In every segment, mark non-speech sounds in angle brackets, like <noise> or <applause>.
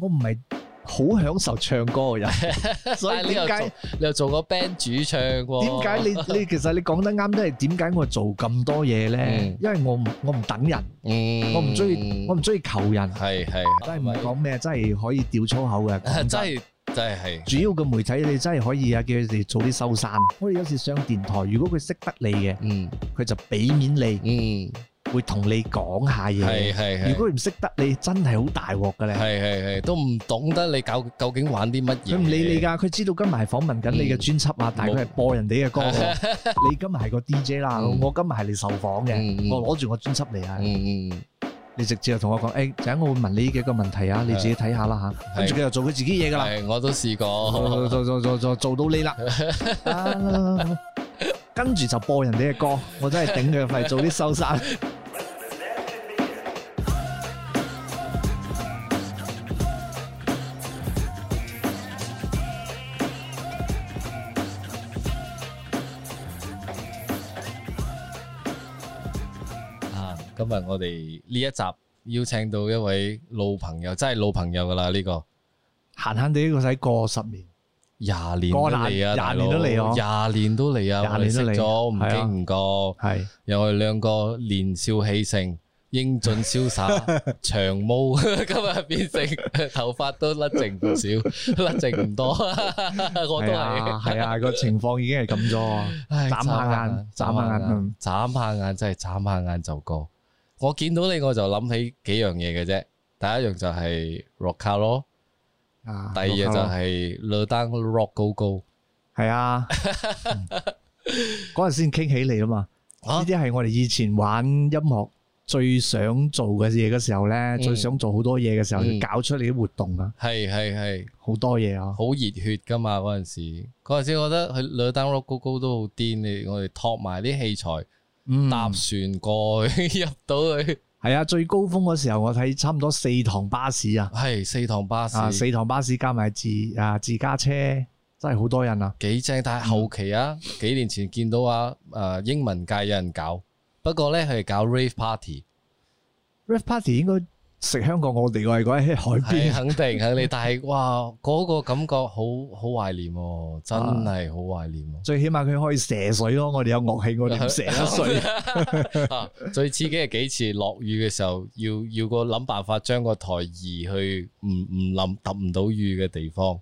我唔係好享受唱歌嘅人，所以點解你又做個 band 主唱？點解你你其實你講得啱都係點解我做咁多嘢咧？因為我唔我唔等人，嗯，我唔中意我唔中意求人，係係真係唔係講咩，真係可以掉粗口嘅，真係真係係主要嘅媒體，你真係可以啊，叫佢哋早啲收山。我哋有時上電台，如果佢識得你嘅，嗯，佢就俾面你嘅。會同你講下嘢，如果唔識得你真係好大鑊㗎咧，係係係都唔懂得你搞究竟玩啲乜嘢，佢唔理你㗎，佢知道今日係訪問緊你嘅專輯啊，但係佢係播人哋嘅歌。你今日係個 DJ 啦，我今日係你受訪嘅，我攞住我專輯嚟啊，你直接就同我講，誒，陣我會問你幾個問題啊，你自己睇下啦嚇。跟住佢又做佢自己嘢㗎啦。我都試過，做做做做做到你啦，跟住就播人哋嘅歌，我真係頂佢肺做啲收山。今日我哋呢一集邀請到一位老朋友，真係老朋友㗎喇！呢個，閒閒哋呢個使過十年、廿年都嚟啊，係咯，廿年都嚟啊，廿年都嚟咗。唔經唔覺。係，由我哋兩個年少氣盛、英俊瀟灑、長毛，今日變成頭髮都甩淨唔少，甩淨唔多。我都係，係啊，個情況已經係咁咗。眨下眼，眨下眼，眨下眼，真係眨下眼就過。我見到你，我就諗起幾樣嘢嘅啫。第一樣就係 rock 卡咯，啊！第二樣就係 lead Down rock Go Go》。係啊。嗰陣先傾起嚟啊嘛！呢啲係我哋以前玩音樂最想做嘅嘢，嘅時候咧、嗯、最想做好多嘢嘅時候，嗯、搞出嚟啲活動、嗯、啊！係係係好多嘢啊！好熱血噶嘛！嗰陣時，嗰陣時我覺得去 lead Down rock Go Go》都好癲嘅，我哋托埋啲器材。嗯、搭船過去 <laughs> 入到去，係啊！最高峰嗰時候，我睇差唔多四趟巴士啊，係四趟巴士、啊，四趟巴士加埋自啊自家車，真係好多人啊！幾正，但係後期啊，嗯、幾年前見到啊誒、啊、英文界有人搞，不過咧係搞 Rave Party，Rave Party 應該。食香港我，我哋個係講喺海邊，肯定肯定。但係哇，嗰、嗰個感覺好好懷念，真係好懷念。最起碼佢可以射水咯，我哋有樂器，我哋射得水、 <laughs> 啊。最刺激係幾次落雨嘅時候，要要個諗辦法將個台移去唔唔淋，淋唔到雨嘅地方。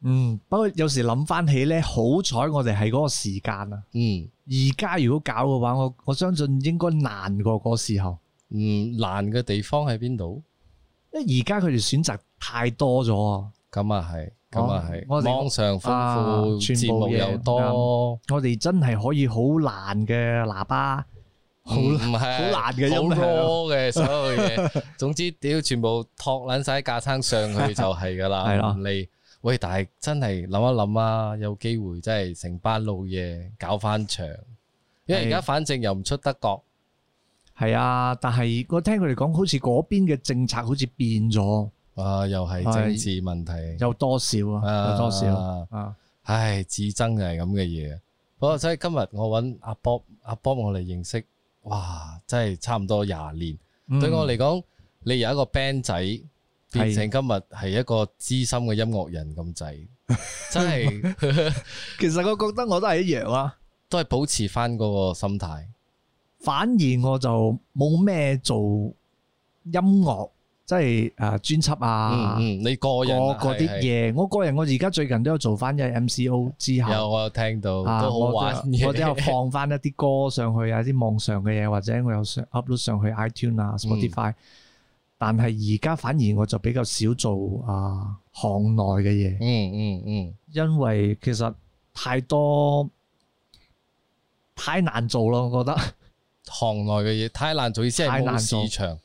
嗯，不過有時諗翻起咧，好彩我哋係嗰個時間啊。嗯，而家如果搞嘅話，我我相信應該難過嗰時候。嗯，難嘅地方喺邊度？因為而家佢哋選擇太多咗啊！咁啊係，咁啊係，網上豐富，節目又多，我哋真係可以好難嘅喇叭，好唔係，好難嘅音量嘅所有嘢。總之，屌，全部托撚晒架撐上去就係噶啦，係啦，唔理。喂，但係真係諗一諗啊，有機會真係成班老嘢搞翻場，因為而家反正又唔出德國。係啊，但係我聽佢哋講，好似嗰邊嘅政策好似變咗。啊，又係政治問題。有多少啊？有多少,有多少啊？啊唉，至憎係咁嘅嘢。不過真係今日我揾阿波阿波我嚟認識，哇！真係差唔多廿年。嗯、對我嚟講，你由一個 band 仔，變成今日係一個資深嘅音樂人咁滯，的真係。 <laughs> <laughs> 其實我覺得我都係一樣啊，都係保持翻嗰個心態。反而我就冇咩做音樂，即係誒專輯啊，嗯，你個人啊，嗰啲嘢，我個人我而家最近都有做翻一 MCO 之後，有我有聽到，都好玩，我都有放翻一啲歌上去啊，啲網上嘅嘢，或者我有上 upload 上去 iTunes 啊、Spotify，但係而家反而我就比較少做啊行內嘅嘢，嗯嗯嗯，因為其實太多太難做咯，我覺得。行內嘅嘢，太難做意思，係太難做，即係冇市場，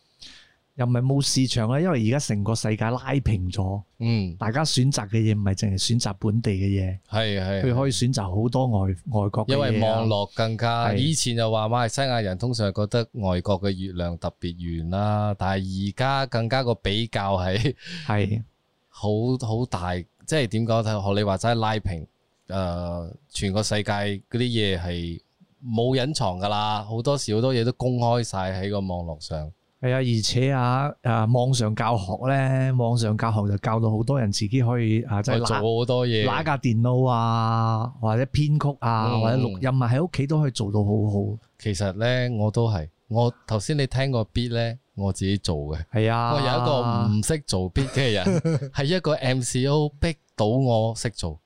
又唔係冇市場啦。因為而家成個世界拉平咗，嗯，大家選擇嘅嘢唔係淨係選擇本地嘅嘢，係係、嗯，佢可以選擇好多外外國嘅嘢。因為網絡更加，的以前就話馬來西亞人通常係覺得外國嘅月亮特別圓啦，但係而家更加個比較係係的 <laughs> 好好大，即係點講？學你話齋拉平，誒、呃，全個世界嗰啲嘢係。冇隱藏噶啦，好多時好多嘢都公開晒喺個網絡上。係啊，而且啊，誒，網上教學咧，網上教學就教到好多人自己可以啊，即係做好多嘢，拿架電腦啊，或者編曲啊，或者錄音啊，喺屋企都可以做到好好。其實咧，我都係，我頭先你聽個 beat 咧，我自己做嘅。係啊，我有一個唔識做 beat 嘅人，係一個 MC 都逼到我識做，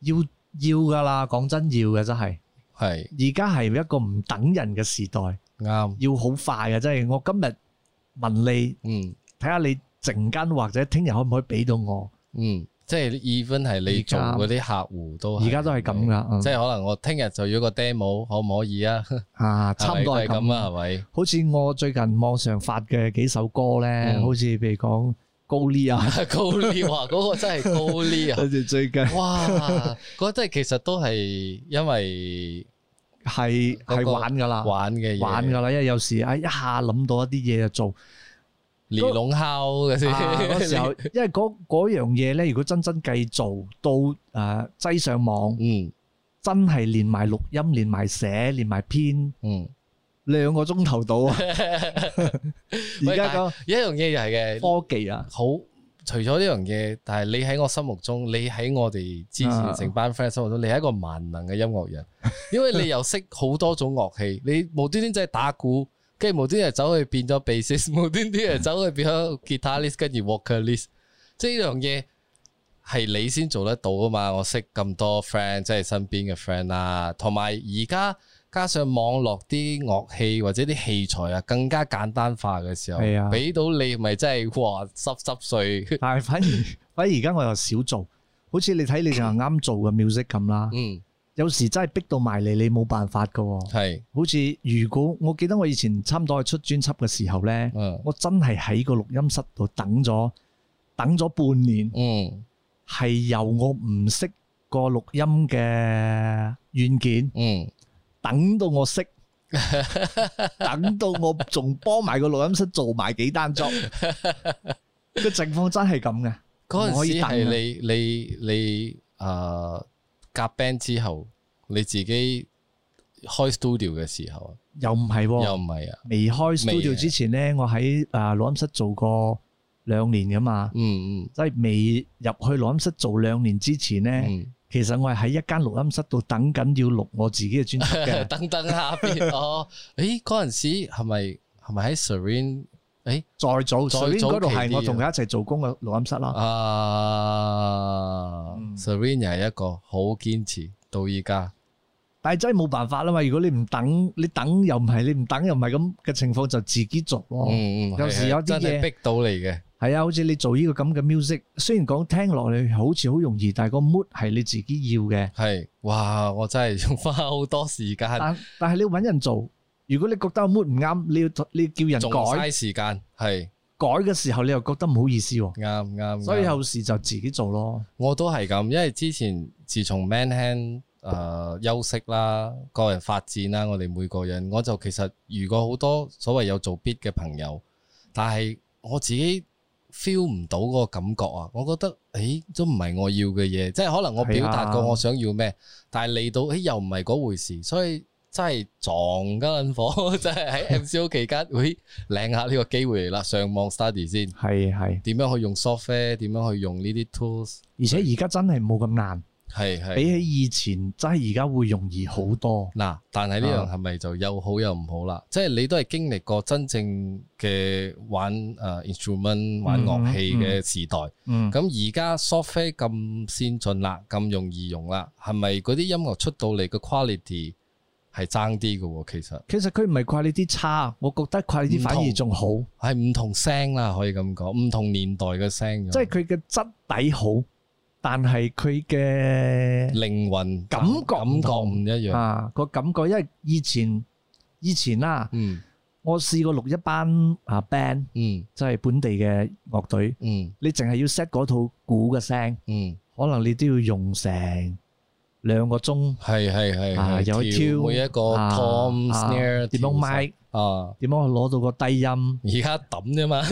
要要噶啦，講真要嘅真係。係，而家係一個唔等人嘅時代，啱，要好快嘅，即係。我今日問你，嗯，睇下你陣間或者聽日可唔可以俾到我？嗯，即係一般係你做嗰啲客戶都，而家都係咁噶，即係可能我聽日就要個 demo，可唔可以啊？啊，差唔多係咁啊，係咪？好似我最近網上發嘅幾首歌咧，好似譬如講高哩啊，高哩話嗰個真係高哩啊，好似最近，哇，嗰啲其實都係因為。係係玩噶啦，玩嘅，玩噶啦，因為有時啊一下諗到一啲嘢，就做，連籠烤嘅先，有、那個啊、時候， <laughs> 因為嗰嗰樣嘢咧，如果真真計做到誒擠、呃、上網，嗯，真係連埋錄音、連埋寫、連埋編，嗯，兩個鐘頭到啊。而 <laughs> 家、那個一樣嘢就係嘅科技啊，好。除咗呢樣嘢，但係你喺我心目中，你喺我哋之前成班 friend 心目中，你係一個萬能嘅音樂人，因為你又識好多種樂器，你無端端就係打鼓，跟住無端端走去變咗 bass，無端端走去變咗 guitarist，跟住 walkerist，即係呢樣嘢係你先做得到噶嘛？我識咁多 friend，即係身邊嘅 friend 啦，同埋而家。加上網絡啲樂器或者啲器材啊，更加簡單化嘅時候，俾、啊、到你咪真係哇濕濕碎！ <laughs> 但係反而反而而家我又少做，好似你睇你就係啱做嘅 music 咁啦。嗯，有時真係逼到埋嚟，你冇辦法嘅。係是，好似如果我記得我以前差唔多出專輯嘅時候咧，嗯、我真係喺個錄音室度等咗等咗半年。嗯，係由我唔識個錄音嘅軟件。嗯。等到我識，等到我仲幫埋個錄音室做埋幾單 job，個情況真係咁噶。嗰陣時係你你你啊，夾 band 之後，你自己開 studio 嘅時候啊，又唔係，又唔係啊，未開 studio 之前咧，我喺啊錄音室做過兩年噶嘛，嗯嗯，即係未入去錄音室做兩年之前咧。其實我係喺一間錄音室度等緊要錄我自己嘅專輯嘅， <laughs> 等等下邊、啊、 <laughs> 哦。誒、欸，嗰陣時係咪係咪喺 Serene？誒，是是 eren, 欸、再早，Serene 嗰度係我同佢一齊做工嘅錄音室咯。啊、嗯、，Serene 係一個好堅持到依家，但係真係冇辦法啦嘛。如果你唔等，你等又唔係，你唔等又唔係咁嘅情況，就自己做咯。嗯、有時有啲嘢逼到你嘅。係啊，好似你做呢個咁嘅 music，雖然講聽落嚟好似好容易，但係個 mood 係你自己要嘅。係，哇！我真係花好多時間。但但係你揾人做，如果你覺得 mood 唔啱，你要你叫人改。仲嘥時間，係。改嘅時候你又覺得唔好意思。啱唔啱？所以有時就自己做咯。我都係咁，因為之前自從 Man Hand，誒休息啦，個人發展啦，我哋每個人，我就其實遇過好多所謂有做 beat 嘅朋友，但係我自己。feel 唔到嗰個感覺啊！我覺得，誒都唔係我要嘅嘢，即係可能我表達過我想要咩，是啊、但係嚟到，誒又唔係嗰回事，所以真係撞緊火，真係喺 MCO 期間會、 <laughs> 哎、領下呢個機會嚟啦。上網 study 先，係係點樣去用 software？點樣去用呢啲 tools？而且而家真係冇咁難。係，係係比起以前真係而家會容易好多。嗱、嗯，但係呢樣係咪就又好又唔好啦？啊、即係你都係經歷過真正嘅玩誒、uh, instrument、嗯、玩樂器嘅時代。咁而家 software 咁先進啦，咁容易用啦，係咪嗰啲音樂出到嚟嘅 quality 係爭啲嘅？其實其實佢唔係 quality 差，我覺得 quality 反而仲好，係唔同聲啦，可以咁講，唔同年代嘅聲。即係佢嘅質底好。但係佢嘅靈魂感覺感覺唔一樣啊個感覺，因為以前以前啦，嗯，我試過錄一班啊 band，嗯，即係本地嘅樂隊，嗯，你淨係要 set 嗰套鼓嘅聲，嗯，可能你都要用成兩個鐘，係係係係，有調每一個 tom snare 點樣 mic 啊，點樣去攞到個低音？而家抌啫嘛，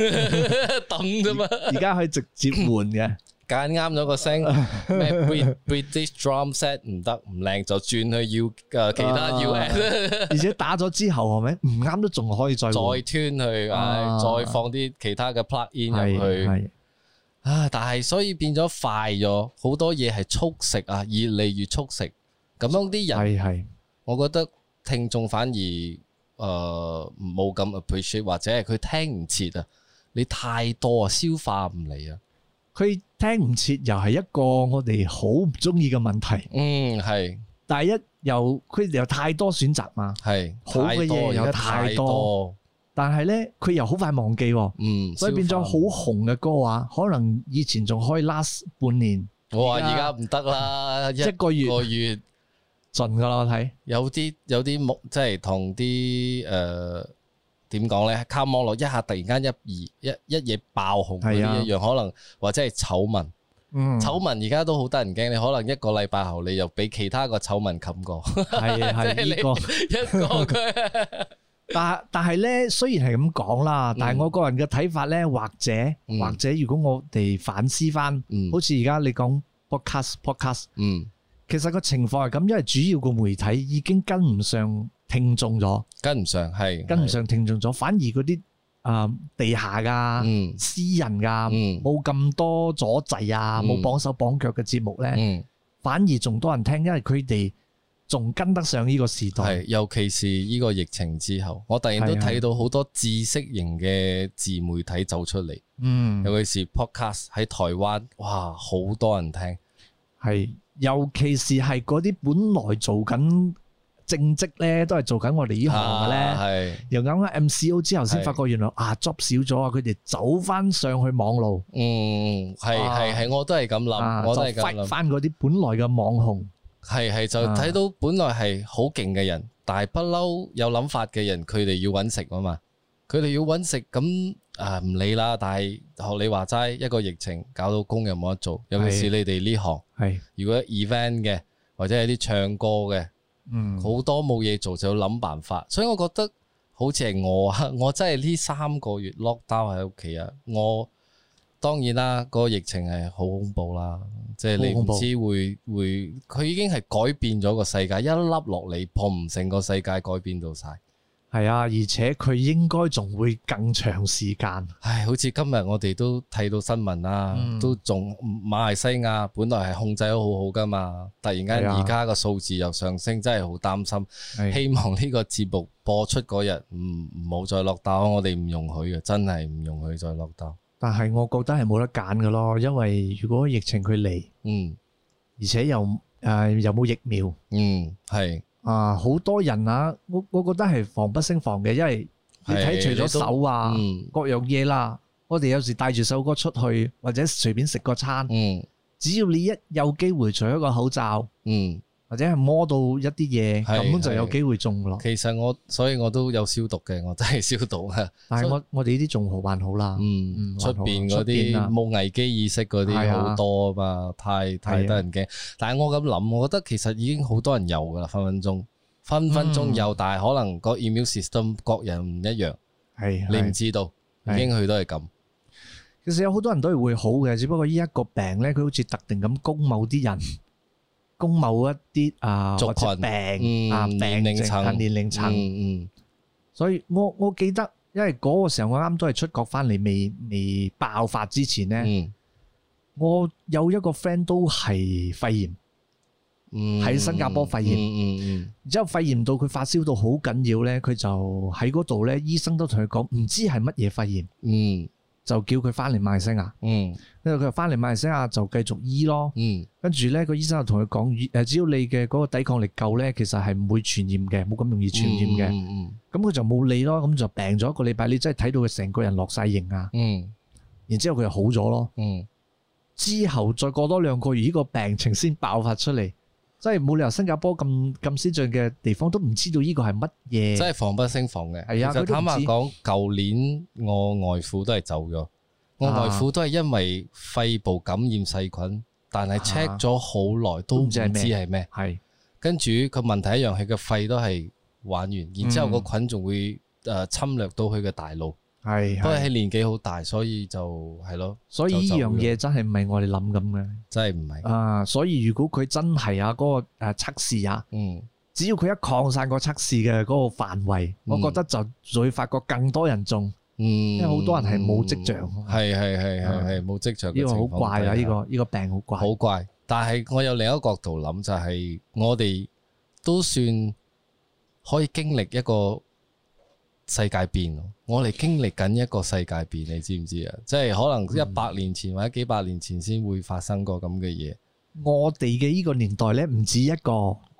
抌啫嘛，而家可以直接換嘅。揀啱咗個聲咩 British drum set 唔得，唔靚就轉去要誒其他 US，而且打咗之後係咪唔啱，都仲可以再再推去，再放啲其他嘅 plug in 入去。係啊，但係所以變咗快咗，好多嘢係速食啊，越嚟越速食。咁樣啲人係，係，我覺得聽眾反而誒冇咁 appreciate，或者係佢聽唔切啊，你太多啊，消化唔嚟啊。佢聽唔切又係一個我哋好唔鍾意嘅問題。嗯，係。但係一又佢有太多選擇嘛。係。好嘅嘢有太多，太多但係咧佢又好快忘記。嗯。所以變咗好紅嘅歌啊，燒焚 可能以前仲可以 last 半年。我話而家唔得啦，在 <laughs> 一個月。一個月盡噶啦，我睇。有啲有啲冇，即係同啲誒。點講呢？卡網絡一下，突然間一而一一嘢爆紅嗰啲係、啊、一樣，可能或者係醜聞。醜聞而家都好得人驚，你可能一個禮拜後，你又俾其他個醜聞冚過。係係呢個一個，但但係呢，雖然係咁講啦，但係我個人嘅睇法呢，或者、嗯、或者，如果我哋反思翻，嗯、好似而家你講 podcast podcast，嗯，其實個情況係咁，因為主要個媒體已經跟唔上。聽眾咗，跟唔上係跟唔上，聽眾咗。反而嗰啲啊地下噶、私人噶，冇咁多阻滯啊，冇綁手綁腳嘅節目咧，反而仲多人聽，因為佢哋仲跟得上呢個時代。係，尤其是呢個疫情之後，我突然都睇到好多知識型嘅自媒體走出嚟。嗯，尤其是 Podcast 喺台灣，哇，好多人聽。係，尤其是係嗰啲本來做緊，正職咧都係做緊我哋呢行嘅咧，又啱啱 MCO 之後先發覺原來啊 job 少咗啊，佢哋走翻上去網路。嗯係係係，我都係咁諗，我都係咁諗，翻嗰啲本來嘅網紅，係係就睇到本來係好勁嘅人，但係不嬲有諗法嘅人，佢哋要搵食啊嘛，佢哋要搵食咁啊唔理啦，但係學你話齋一個疫情搞到工又冇得做，是尤其是你哋呢行，係是如果 event 嘅或者係啲唱歌嘅。嗯，好多冇嘢做就要諗辦法，所以我覺得好似係我啊，我真係呢三個月 lockdown 喺屋企啊，我當然啦，嗰個疫情係好恐怖啦，即係你唔知會會，佢已經係改變咗個世界，一粒落嚟破唔成個世界改變到晒。係啊，而且佢應該仲會更長時間。唉，好似今日我哋都睇到新聞啦，嗯、都仲馬來西亞本來係控制得好好噶嘛，突然間而家個數字又上升，真係好擔心。啊、希望呢個節目播出嗰日唔唔好再落豆，我哋唔容許嘅，真係唔容許再落豆。但係我覺得係冇得揀嘅咯，因為如果疫情佢嚟，嗯，而且又誒又冇疫苗，嗯，係。啊，好多人啊，我我覺得係防不勝防嘅，因為你睇除咗手啊，的各樣嘢啦，嗯、我哋有時帶住首歌出去，或者隨便食個餐，嗯、只要你一有機會除咗個口罩，嗯。或者係摸到一啲嘢，咁就有機會中嘅咯。其實我，所以我都有消毒嘅，我真係消毒嚇。但係我我哋呢啲仲好，還好啦。嗯，出邊嗰啲冇危機意識嗰啲好多啊嘛，太太得人驚。但係我咁諗，我覺得其實已經好多人有噶啦，分分鐘分分鐘有。但係可能個 immune system 各人唔一樣，係你唔知道，已經佢都係咁。其實有好多人都係會好嘅，只不過呢一個病咧，佢好似特定咁攻某啲人。供某一啲啊，病、啊，族群病症、嗯、年齡層，所以我，我我記得，因為嗰個時候我啱都係出國翻嚟，未未爆發之前咧，嗯、我有一個 friend 都係肺炎，喺、嗯、新加坡肺炎，嗯嗯，嗯然之後肺炎到佢發燒到好緊要咧，佢就喺嗰度咧，醫生都同佢講唔知係乜嘢肺炎，嗯。就叫佢翻嚟馬來西亞啊，因為佢翻嚟馬來西亞啊，來來就繼續醫咯。跟住咧，個醫生就同佢講，誒，只要你嘅嗰個抵抗力夠咧，其實係唔會傳染嘅，冇咁容易傳染嘅。咁佢、嗯嗯、就冇理咯，咁就病咗一個禮拜，你真係睇到佢成個人落晒型啊。嗯、然之後佢就好咗咯。嗯、之後再過多兩個月，呢個病情先爆發出嚟。即係冇理由新加坡咁咁先進嘅地方都唔知道呢個係乜嘢，真係防不勝防嘅。係啊，就坦白講，舊年我外父都係走咗，我外父都係因為肺部感染細菌，但係 check 咗好耐都唔知係咩。係，跟住個問題一樣，佢嘅肺都係玩完，然之後個菌仲會誒侵略到佢嘅大腦。係，不過係年紀好大，所以就係咯。所以呢樣嘢真係唔係我哋諗咁嘅，真係唔係。啊，所以如果佢真係啊，嗰個誒測試啊，嗯，只要佢一擴散個測試嘅嗰個範圍，嗯、我覺得就就會發覺更多人中，嗯，因為好多人係冇跡象，係係係係係冇跡象。呢個好怪啊！呢個呢個病好怪。好怪，但係我有另一個角度諗就係，我哋都算可以經歷一個。世界變，我哋經歷緊一個世界變，你知唔知啊？即係可能一百年前或者幾百年前先會發生過咁嘅嘢。我哋嘅呢個年代咧，唔止一個，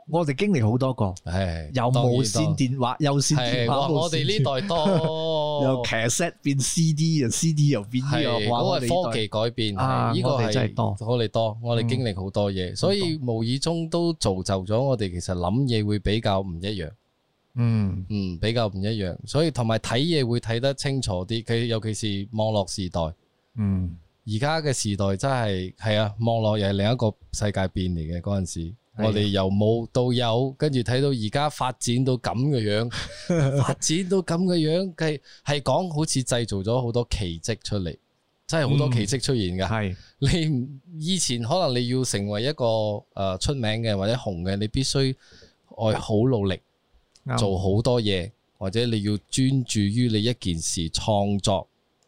我哋經歷好多個。係的，有無線電話，有線電話，電話我哋呢代多。由 CD <laughs> 變 CD，又 CD 又變 D, 的。係，嗰個科技改變。呢、啊、我哋真係多，我哋多，我哋經歷好多嘢，嗯、所以無意中都造就咗我哋。其實諗嘢會比較唔一樣。嗯，嗯，比較唔一樣，所以同埋睇嘢會睇得清楚啲。佢尤其是網絡時代，嗯，而家嘅時代真係係啊，網絡又係另一個世界變嚟嘅嗰陣時，啊、我哋由冇到有，跟住睇到而家發展到咁嘅樣， <laughs> 發展到咁嘅樣，即係講好似製造咗好多奇跡出嚟，真係好多奇跡出現噶。係、嗯、你以前可能你要成為一個誒、呃、出名嘅或者紅嘅，你必須愛好努力。嗯做好多嘢，或者你要專注於你一件事創作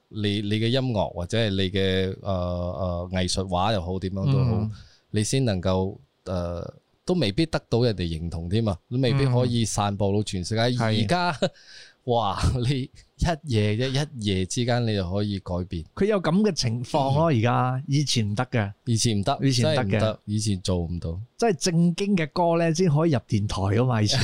你，你你嘅音樂或者係你嘅誒誒藝術畫又好點樣都好，好嗯、你先能夠誒、呃、都未必得到人哋認同添啊，你未必可以散播到全世界而家。哇！你一夜一一夜之間，你就可以改變。佢有咁嘅情況咯、啊，而家、嗯、以前唔得嘅。以前唔得，以前唔得嘅。以前做唔到。即係正經嘅歌咧，先可以入電台啊嘛！以前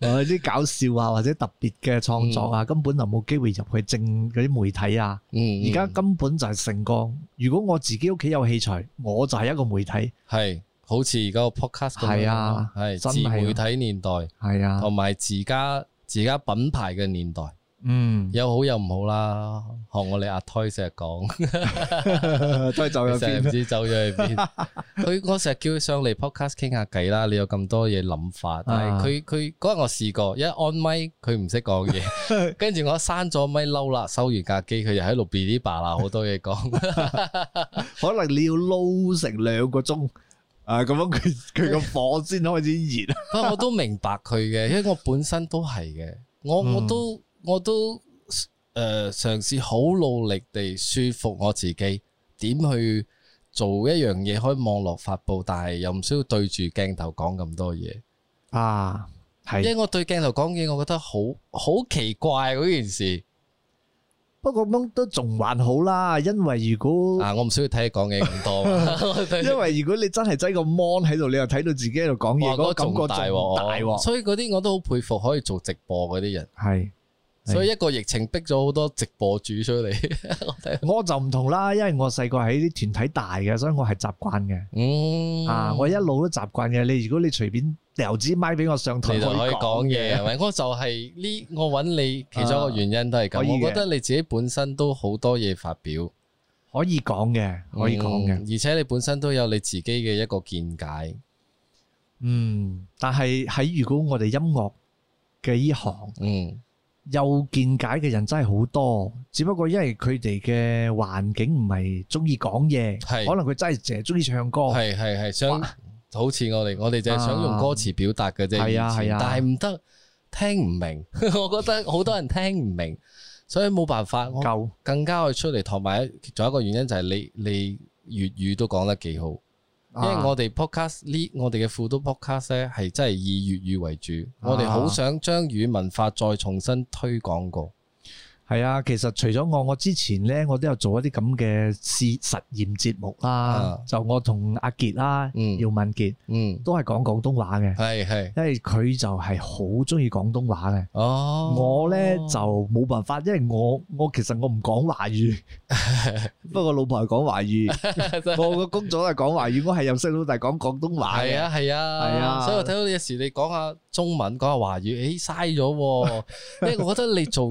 啲 <laughs> <laughs> 搞笑啊，或者特別嘅創作啊，嗯、根本就冇機會入去正嗰啲媒體啊。而家、嗯、根本就係成功。如果我自己屋企有器材，我就係一個媒體。係、嗯。好似而家個 podcast 係啊，係是真是 自媒體年代係啊，同埋自家自家品牌嘅年代，嗯，有好有唔好啦。學我哋阿 Toy 成日講，都 <laughs> Toy <laughs> 走咗邊？唔 <laughs> 知走咗去邊？佢 <laughs> 我成日叫佢上嚟 podcast 傾下偈啦。你有咁多嘢諗法，啊、但係佢佢嗰日我試過一按咪，佢唔識講嘢， <laughs> 跟住我閂咗咪嬲啦，收完架機，佢又喺度嗶哩吧啦，好多嘢講， <laughs> <laughs> 可能你要撈成兩個鐘。啊，咁樣佢佢個火先開始熱。不過 <laughs> <laughs> 我都明白佢嘅，因為我本身都係嘅，我我都我都誒嘗試好努力地說服我自己，點去做一樣嘢可以網絡發佈，但係又唔需要對住鏡頭講咁多嘢啊。係，因為我對鏡頭講嘢，我覺得好好奇怪嗰件事。不過都仲還好啦，因為如果啊我唔需要睇你講嘢咁多， <laughs> <laughs> 因為如果你真係擠個 mon 喺度，你又睇到自己喺度講嘢，哇個感覺仲大鑊，所以嗰啲我都好佩服可以做直播嗰啲人係。所以一個疫情逼咗好多直播主出嚟， <laughs> 我就唔同啦，因為我細個喺啲團體大嘅，所以我係習慣嘅。嗯，啊，我一路都習慣嘅。你如果你隨便掉支咪俾我上台，你就可以講嘢。唔係話、啊，我就係呢，我揾你其中一個原因都係咁、啊、我覺得你自己本身都好多嘢發表，可以講嘅，可以講嘅。嗯、而且你本身都有你自己嘅一個見解。嗯，但係喺如果我哋音樂嘅呢行，嗯。有見解嘅人真係好多，只不過因為佢哋嘅環境唔係鍾意講嘢，是可能佢真係淨係鍾意唱歌，係係係想哇好似我哋，我哋淨係想用歌詞表達嘅啫。係啊係啊，像啊啊但係唔得聽唔明， <laughs> 我覺得好多人聽唔明，所以冇辦法救夠更加去出嚟。同埋仲有一個原因就係你你粵語都講得幾好。因為我哋 podcast 呢、啊，Lead，我哋嘅副都 podcast 咧，係真係以粵語為主，啊、我哋好想將語文化再重新推廣過。係啊，其實除咗我，我之前咧，我都有做一啲咁嘅試實驗節目啦。就我同阿杰啦，姚敏杰，都係講廣東話嘅。係係，因為佢就係好中意廣東話嘅。哦，我咧就冇辦法，因為我我其實我唔講華語，不過我老婆係講華語，我個工作係講華語，我係又識老弟講廣東話。係啊係啊係啊，所以我睇到有時你講下中文，講下華語，誒，嘥咗。因為我覺得你做。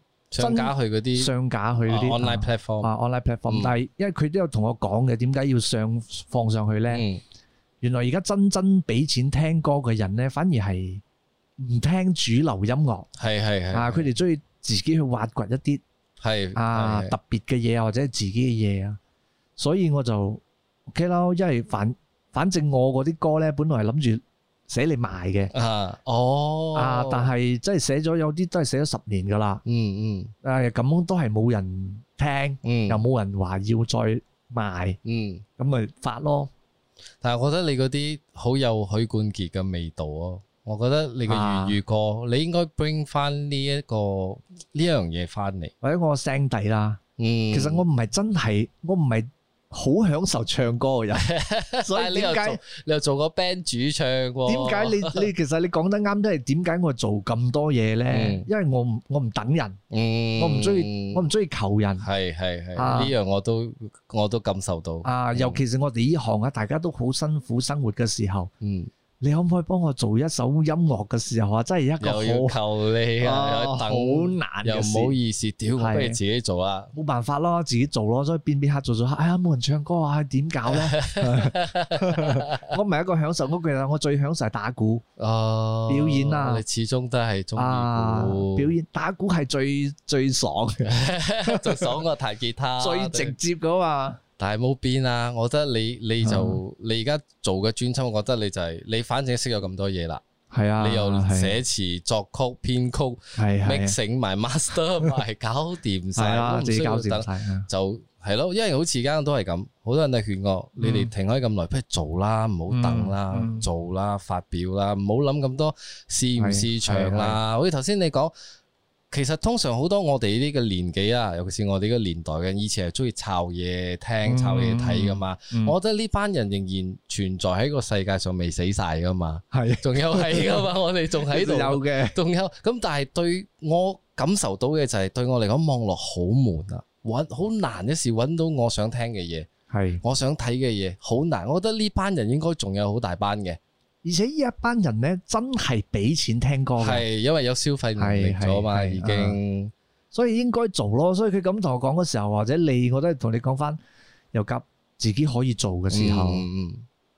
真假去嗰啲，上架去嗰啲、啊、online platform 啊 online platform，嗯、但係因為佢都有同我講嘅，點解要上放上去咧？嗯、原來而家真真俾錢聽歌嘅人咧，反而係唔聽主流音樂，係係係啊！佢哋中意自己去挖掘一啲係啊係係係特別嘅嘢或者自己嘅嘢啊，所以我就 OK 啦，因為反反正我嗰啲歌咧，本來係諗住。寫你賣嘅，啊，哦，啊，但係即係寫咗有啲真係寫咗十年噶啦，嗯，嗯嗯，誒，咁都係冇人聽，嗯，又冇人話要再賣，嗯，咁咪發咯。但係我覺得你嗰啲好有許冠傑嘅味道哦，我覺得你嘅粵語歌，啊，你應該 bring 翻呢，這，一個呢樣嘢翻嚟，或，這，者，個，我聲底啦，嗯，其實我唔係真係，我唔係。好享受唱歌嘅人，所以點解你又做個 band 主唱？點解你你其實你講得啱，都係點解我做咁多嘢咧？因為我唔我唔等人，嗯，我唔中意我唔中意求人，係係係呢樣我都我都感受到啊！尤其是我哋呢行啊，大家都好辛苦生活嘅時候。你可唔可以幫我做一首音樂嘅時候啊？真係一個求你啊！好、啊、難又唔好意思，屌，不如是自己做啊！冇辦法咯，自己做咯，所以變變下做做下，哎呀，冇人唱歌啊，點搞咧？ <laughs> <laughs> 我唔係一個享受屋嘅人，我最享受係打鼓。哦，表演啊！我哋始終都係中意表演，打鼓係最最爽，最爽過彈吉他，最直接嘅嘛。但係冇變啊！我覺得你你就、嗯、你而家做嘅專輯，我覺得你就係、是、你反正識咗咁多嘢啦，係啊，你又寫詞、啊啊、作曲編曲，係 mixing 埋 master 埋搞掂曬，自己搞掂曬，就係咯、啊。因為好似而家都係咁，好多人都勸我，你哋停開咁耐，不如、嗯嗯、做啦，唔好等啦，做啦，發表啦，唔好諗咁多事事，試唔試唱啦？好似頭先你講。其實通常好多我哋呢個年紀啊，尤其是我哋呢個年代嘅，以前係鍾意抄嘢聽、抄嘢睇噶嘛。嗯、我覺得呢班人仍然存在喺個世界上未死晒噶嘛。係是，仲有係噶嘛？是我哋仲喺度有嘅，仲有。咁但係對我感受到嘅就係、是、對我嚟講，網絡好悶啊，揾好難一時揾到我想聽嘅嘢，係的我想睇嘅嘢，好難。我覺得呢班人應該仲有好大班嘅。而且呢一班人咧，真係俾錢聽歌嘅，係因為有消費能力咗嘛，已經，所以應該做咯。所以佢咁同我講嘅時候，或者你我都係同你講翻，又夾自己可以做嘅時候，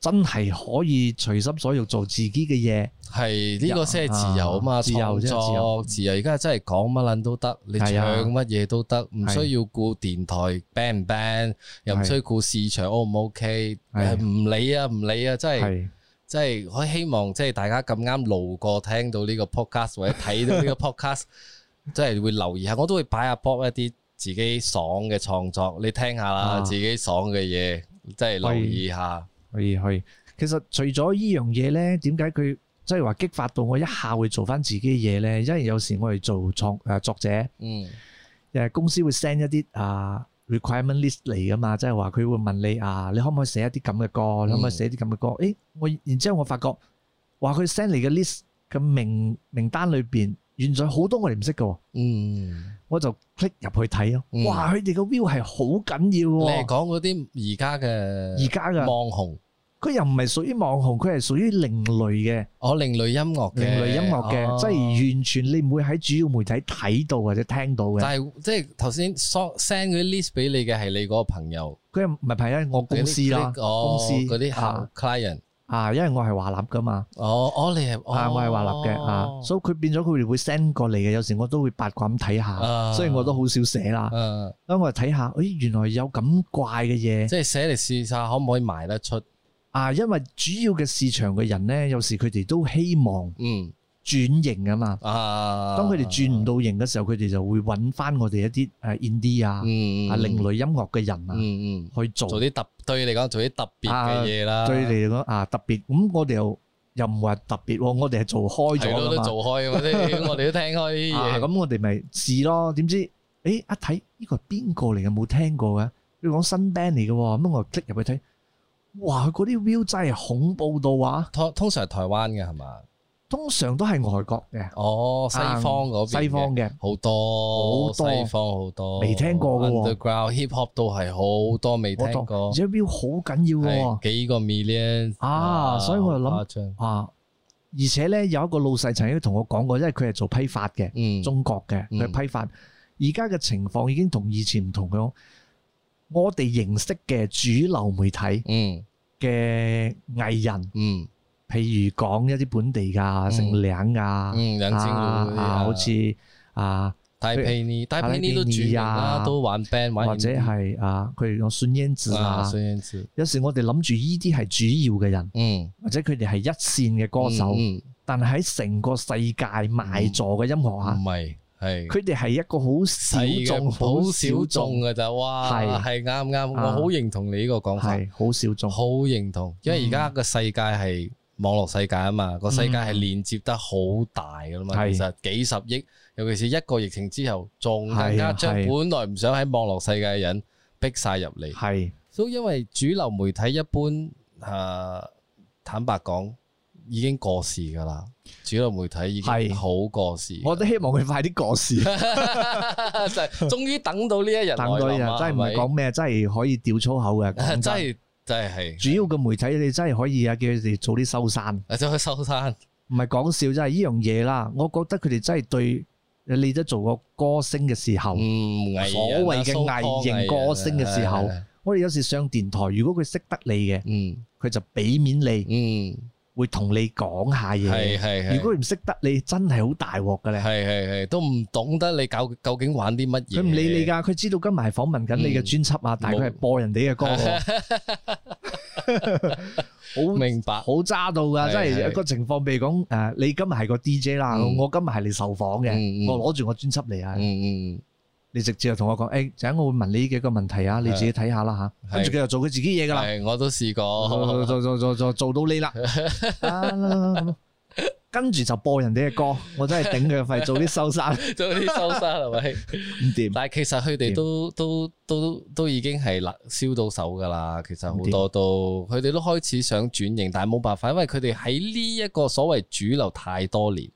真係可以隨心所欲做自己嘅嘢。係呢個先係自由啊嘛，自由啫，自由而家真係講乜撚都得，你唱乜嘢都得，唔需要顧電台 band 唔 band，又唔需要顧市場 O 唔 OK，唔理啊唔理啊，真係。即係我希望，即係大家咁啱路過聽到呢個 podcast 或者睇到呢個 podcast， <laughs> 即係會留意下。我都會擺下 pop 一啲自己爽嘅創作，你聽下啦，自己爽嘅嘢，啊、即係留意下。可以可以。其實除咗依樣嘢咧，點解佢即係話激發到我一下會做翻自己嘅嘢咧？因為有時我係做創誒、啊、作者，嗯，誒公司會 send 一啲啊，requirement list 嚟噶嘛，即係話佢會問你啊，你可唔可以寫一啲咁嘅歌？嗯、你可唔可以寫一啲咁嘅歌？誒、哎，我然之後我發覺，話佢 send 嚟嘅 list 嘅名名單裏邊，原來好多我哋唔識嘅。嗯，我就 click 入去睇咯。哇！佢哋個 view 係好緊要喎、哦。你係講嗰啲而家嘅而家嘅網紅。望佢又唔係屬於網紅，佢係屬於另類嘅。哦，另類音樂，另類音樂嘅，即係完全你唔會喺主要媒體睇到或者聽到嘅。但係即係頭先 send 嗰啲 list 俾你嘅係你嗰個朋友？佢又唔係朋友，我公司啦，公司嗰啲客 client 啊，因為我係華立㗎嘛。哦哦，你係我係華立嘅啊，所以佢變咗佢哋會 send 過嚟嘅，有時我都會八卦咁睇下。所以我都好少寫啦。咁我睇下，咦，原來有咁怪嘅嘢。即係寫嚟試下，可唔可以賣得出？啊，因為主要嘅市場嘅人咧，有時佢哋都希望轉型啊嘛。當佢哋轉唔到型嘅時候，佢哋就會搵返我哋一啲誒 indie 啊，啊另類音樂嘅人啊，去做做啲特對你嚟講做啲特別嘅嘢啦。對你嚟講啊特別，咁我哋又又唔話特別，我哋係做開咗啊嘛。都做開啊嘛，我哋都聽開呢啲嘢。咁我哋咪試咯。點知誒一睇呢個係邊個嚟嘅？冇聽過嘅，你講新 band 嚟嘅喎。咁我 click 入去睇。哇！嗰啲 view 真係恐怖到啊！通通常係台灣嘅係嘛？通常都係外國嘅。哦，西方嗰邊嘅好多，好多、哦、西方好多未聽過嘅、哦、Underground Hip Hop 都係好多未聽過、嗯。而且 view 好緊要嘅喎、啊，幾個 million 啊！啊所以我又諗、嗯、啊，而且咧有一個老細曾經同我講過，因為佢係做批發嘅，嗯，中國嘅佢批發而家嘅情況已經同以前唔同嘅。我哋認識嘅主流媒體嘅藝人，譬如講一啲本地噶姓兩啊，兩千好似啊泰佩尼，都著名都玩 band，或者係啊佢用孫燕姿啊，孫燕姿有時我哋諗住呢啲係主要嘅人，或者佢哋係一線嘅歌手，但係喺成個世界賣座嘅音樂嚇。係，佢哋係一個好小眾，好小眾嘅就，哇，係係啱啱，我好認同你呢個講法，好小眾，好認同，因為而家個世界係網絡世界啊嘛，個世界係連接得好大噶啦嘛，其實幾十億，尤其是一個疫情之後，仲更加將本來唔想喺網絡世界嘅人逼晒入嚟，係，都因為主流媒體一般，誒，坦白講。已經過時噶啦，主要媒體已經好過時。我都希望佢快啲過時。終於等到呢一日，等到呢日，真係唔係講咩，真係可以掉粗口嘅，真係真係係。主要嘅媒體你真係可以啊，叫佢哋早啲收山。啊、做啲收山，唔係講笑，真係呢樣嘢啦。我覺得佢哋真係對你，都做過歌星嘅時候，嗯、所謂嘅藝型歌星嘅時候，我哋有時上電台，如果佢識得你嘅、嗯，嗯，佢就俾面你，嗯。會同你講下嘢，係、係、係，如果唔識得你真係好大鑊㗎咧，係、係、係，都唔懂得你搞究竟玩啲乜嘢。佢唔理你㗎，佢知道今日係訪問緊你嘅專輯啊，嗯、但係佢係播人哋嘅歌，好明白，好揸到㗎，即係係一個情況。譬如講誒，你今日係個 DJ 啦、嗯，我今日係你受訪嘅，嗯嗯、我攞住我專輯嚟啊。嗯嗯你直接就同我講，誒、欸，陣間我會問你幾個問題啊，你自己睇下啦吓，的跟住佢就做佢自己嘢噶啦。我都試過，好好啊、做、做做做做到你、 <laughs> 啊、啦，跟住就播人哋嘅歌，我真係頂佢個肺，做啲收山， <laughs> 做啲收山係咪？唔掂、嗯。但係其實佢哋都都都都、都已經係啦，燒到手㗎啦。其實好多都，佢哋、嗯、都開始想轉型，但係冇辦法，因為佢哋喺呢一個所謂主流太多年。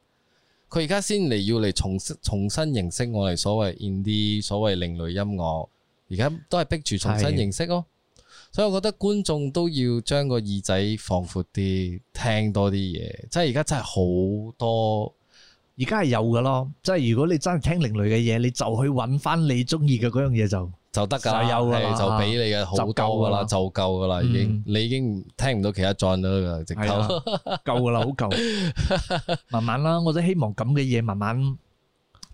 佢而家先嚟要嚟重新重新認識我哋所謂 in 啲所謂另類音樂，而家都係逼住重新認識咯。是的 所以，我覺得觀眾都要將個耳仔放闊啲，聽多啲嘢。即係而家真係好多，而家係有噶咯。即係如果你真係聽另類嘅嘢，你就去揾翻你中意嘅嗰樣嘢就。就得噶，就俾你嘅好夠噶啦，就夠噶啦，已經你已經聽唔到其他 genre 啦，直頭夠噶啦，好夠，慢慢啦，我都希望咁嘅嘢慢慢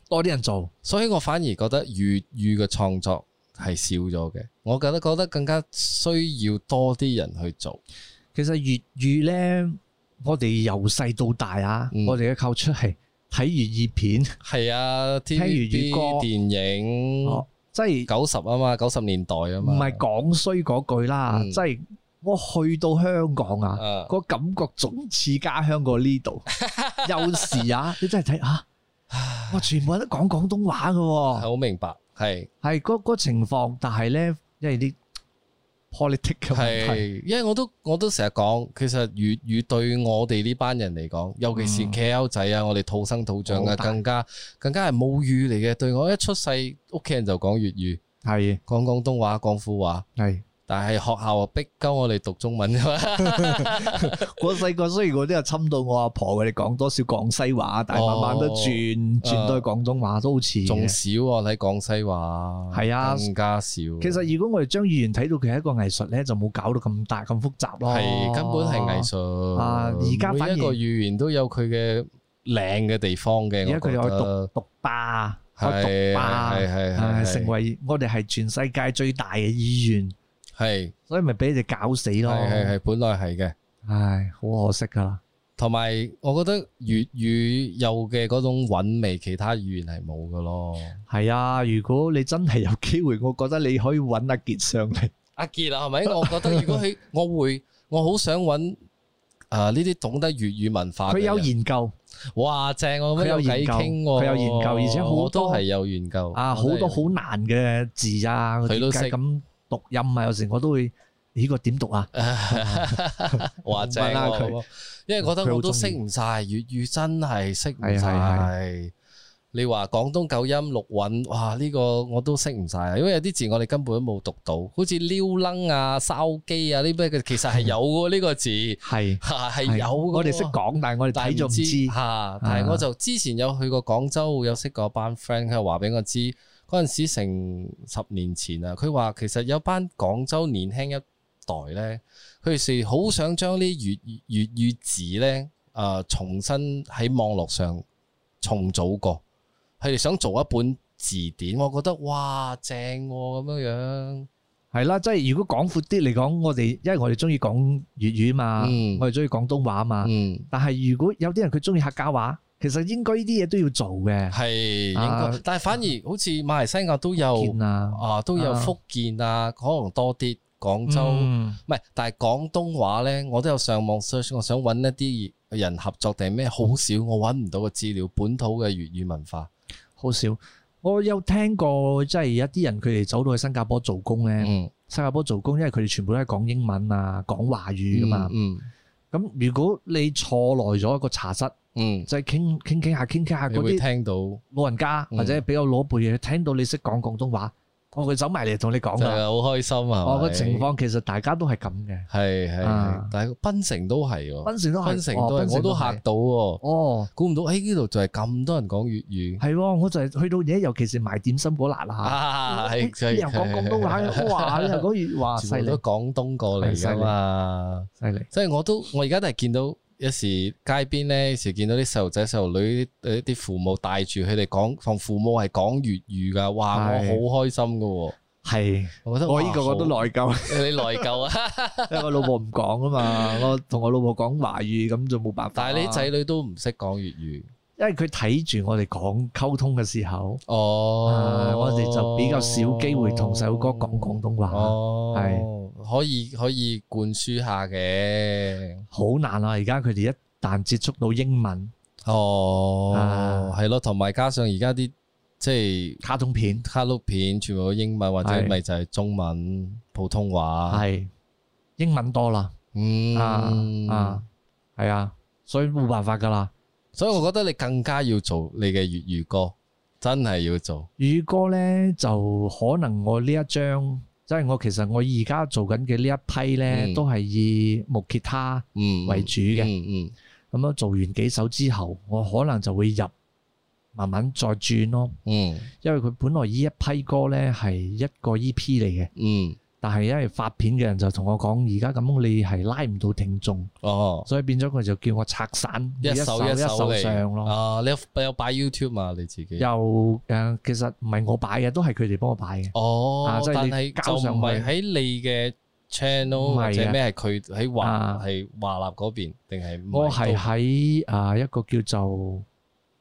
多啲人做。所以我反而覺得粵語嘅創作係少咗嘅，我覺得覺得更加需要多啲人去做。其實粵語咧，我哋由細到大啊，我哋嘅靠出係睇粵語片，係啊，聽粵語歌、電影。即係九十啊嘛，九十年代啊嘛，唔係講衰嗰句啦。嗯、即係我去到香港啊，個、嗯、感覺總似家鄉過呢度。啊、有時啊，你真係睇啊，我全部人都講廣東話嘅喎、啊。係好、嗯、明白，係係嗰情況，但係咧，因為啲。political 嘅問題，係，我都我都成日講，其實粵語對我哋呢班人嚟講，尤其是 KOL 仔啊，我哋土生土長啊、嗯，更加更加係母語嚟嘅。對我一出世，屋企人就講粵語，係講廣東話、廣府話，係。但係學校逼鳩我哋讀中文啫嘛。我細個雖然我都有侵到我阿婆，你講多少廣西話，但係慢慢都轉轉到廣東話都好似。仲少喎，睇廣西話。係啊，更加少。其實如果我哋將語言睇到佢係一個藝術咧，就冇搞到咁大咁複雜咯。係根本係藝術。啊，而家反而每一個語言都有佢嘅靚嘅地方嘅。而家佢哋可以讀讀霸，可以讀霸，係成為我哋係全世界最大嘅語言。係，是所以咪俾你哋搞死咯。係係係，本來係嘅。唉，好可惜噶喇。同埋,我覺得粵語有嘅嗰種韻味，其他語言係冇噶咯。係啊，如果你真係有機會，我覺得你可以搵阿杰上嚟。阿杰啊，係咪？我覺得如果佢，我會，我好想搵。誒、啊，呢啲懂得粵語文化，佢有研究。哇，正我，啊、有研究，佢有、啊、有研究，而且好多係有研究。啊，好多好難嘅字啊，佢都識。讀音啊，有時我都會，呢個點讀啊？我問下佢，因為我覺得我都識唔晒粵語，真係識唔晒。你話廣東九音六韻，哇！呢個我都識唔晒，因為有啲字我哋根本都冇讀到，好似撩楞啊、筲箕啊、呢啲，其實係有嘅呢個字，係係有。我哋識講，但係我哋睇咗唔知。吓，但係我就之前有去過廣州，有識嗰班 friend，佢又話俾我知。嗰陣時成十年前啦，佢話其實有班廣州年輕一代咧，佢哋好想將啲粵粵語字咧，誒、呃、重新喺網絡上重組過，佢哋想做一本字典。我覺得，哇正喎，啊，咁樣樣係啦，即係如果廣闊啲嚟講，我哋因為我哋中意講粵語嘛，嗯、我哋中意廣東話嘛，嗯、但係如果有啲人佢中意客家話。其實應該呢啲嘢都要做嘅，係應該。但係反而好似馬來西亞都有啊，都有福建啊，可能多啲廣州。唔係，但係廣東話咧，我都有上網 search，我想揾一啲人合作定咩，好少，我揾唔到個資料。本土嘅粵語文化好少。我有聽過，即係有啲人佢哋走到去新加坡做工咧，新加坡做工，因為佢哋全部都係講英文啊，講華語噶嘛。嗯。咁如果你坐耐咗一個茶室。嗯，就係傾傾傾下，傾傾下嗰啲聽到老人家或者比較老輩嘅聽到你識講廣東話，我佢走埋嚟同你講噶，好開心啊！我個情況其實大家都係咁嘅，係係，但係檳城都係嘅，檳城都係，檳城我都嚇到哦，估唔到誒呢度就係咁多人講粵語，係，我就係去到嘢，尤其是賣點心辣。嗱啦吓，係，又講廣東話，哇，你又講粵話，犀利，都廣東過嚟噶嘛，犀利，即係我都我而家都係見到。一時街邊咧，有時見到啲細路仔、細路女，一啲父母帶住佢哋講，同父母係講粵語噶，哇，我好開心噶喎，係是，我覺得呢個我都內疚，好 <laughs> 你內疚啊，因為我老婆唔講啊嘛，我同我老婆講華語，咁就冇辦法。但係你啲仔女都唔識講粵語，因為佢睇住我哋講溝通嘅時候，哦，啊、我哋就比較少機會同細路哥講廣東話，係、哦。可以可以灌輸下嘅，好難啊！而家佢哋一旦接觸到英文，哦，係咯、啊，同埋加上而家啲即係卡通片、卡碌片，全部英文或者咪就係中文是普通話，係英文多啦，嗯啊，係啊，所以冇辦法噶啦，所以我覺得你更加要做你嘅粵語歌，真係要做。粵語歌咧就可能我呢一張。即係我其實我而家做緊嘅呢一批咧，嗯、都係以木吉他為主嘅。嗯嗯嗯、咁樣做完幾首之後，我可能就會入慢慢再轉咯。嗯、因為佢本來呢一批歌咧係一個 EP 嚟嘅。嗯嗯但係因為發片嘅人就同我講，而家咁你係拉唔到聽眾，哦，所以變咗佢就叫我拆散一首，一首一首上咯、啊。你有有擺 YouTube 嘛？你自己有？誒，其實唔係我擺嘅，都係佢哋幫我擺嘅。哦，啊就係、交上但係就唔係喺你嘅 channel、啊、或者咩？佢喺華係華納嗰邊定係？係係我係喺啊一個叫做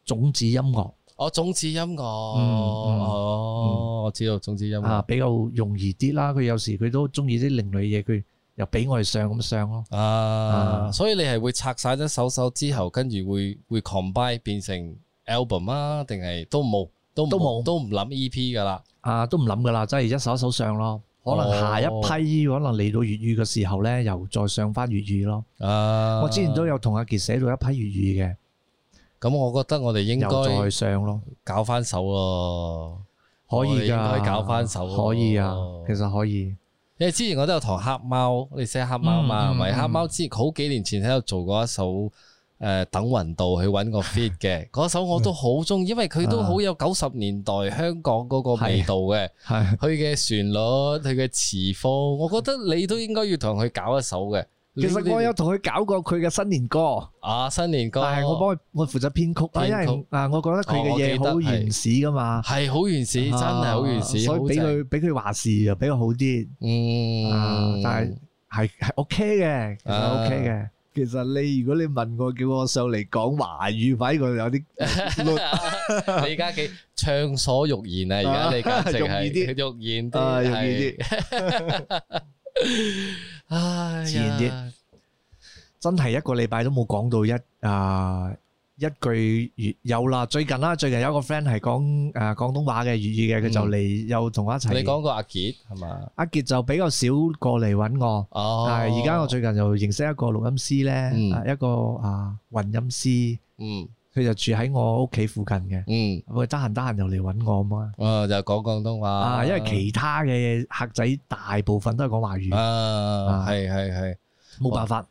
種子音樂。我、哦、種子音樂，嗯嗯、哦，嗯、我知道種子音樂啊，比較容易啲啦。佢有時佢都中意啲另類嘢，佢又俾我哋上咁上咯。啊，啊所以你係會拆晒咗首首之後，跟住會會 combine 變成 album 啊？定係都冇，都冇，都唔諗 EP 噶啦。啊，都唔諗噶啦，即係一首一首上咯。哦、可能下一批可能嚟到粵語嘅時候咧，又再上翻粵語咯。啊，我之前都有同阿杰寫到一批粵語嘅。咁我覺得我哋應該又再上咯，搞返首喎，可以㗎，搞返首可以啊，其實可以。因為之前我都有同黑貓，你識黑貓嘛？咪黑貓之前好幾年前喺度做過一首誒等雲道去揾個 fit 嘅，嗰首我都好鍾意，因為佢都好有九十年代香港嗰個味道嘅，係佢嘅旋律、佢嘅詞風，我覺得你都應該要同佢搞一首嘅。其實我有同佢搞過佢嘅新年歌，啊新年歌，但係我幫佢我負責編曲啦，因為啊我覺得佢嘅嘢好原始噶嘛，係好原始，真係好原始，所以俾佢俾佢話事又比較好啲，嗯，但係係係 OK 嘅，OK 嘅。其實你如果你問我叫我上嚟講華語版，我有啲，你而家幾暢所欲言啊，而家你簡直係容易啲，啊，容易啲。唉自然啲，真係一個禮拜都冇講到一啊一句粵語有啦，最近啦，啊，最近有一個 friend 係講誒廣東話嘅粵語嘅，佢就嚟又同我一齊，嗯。你講過阿杰，係嘛？阿杰就比較少過嚟揾我。哦，但係而家我最近又認識一個錄音師咧，嗯，一個啊混音師。嗯。佢就住喺我屋企附近嘅，嗯，有空有空我得閒得閒又嚟揾我啊嘛，啊就是、講廣東話，啊因為其他嘅客仔大部分都係講華語啊，係係係，冇辦法，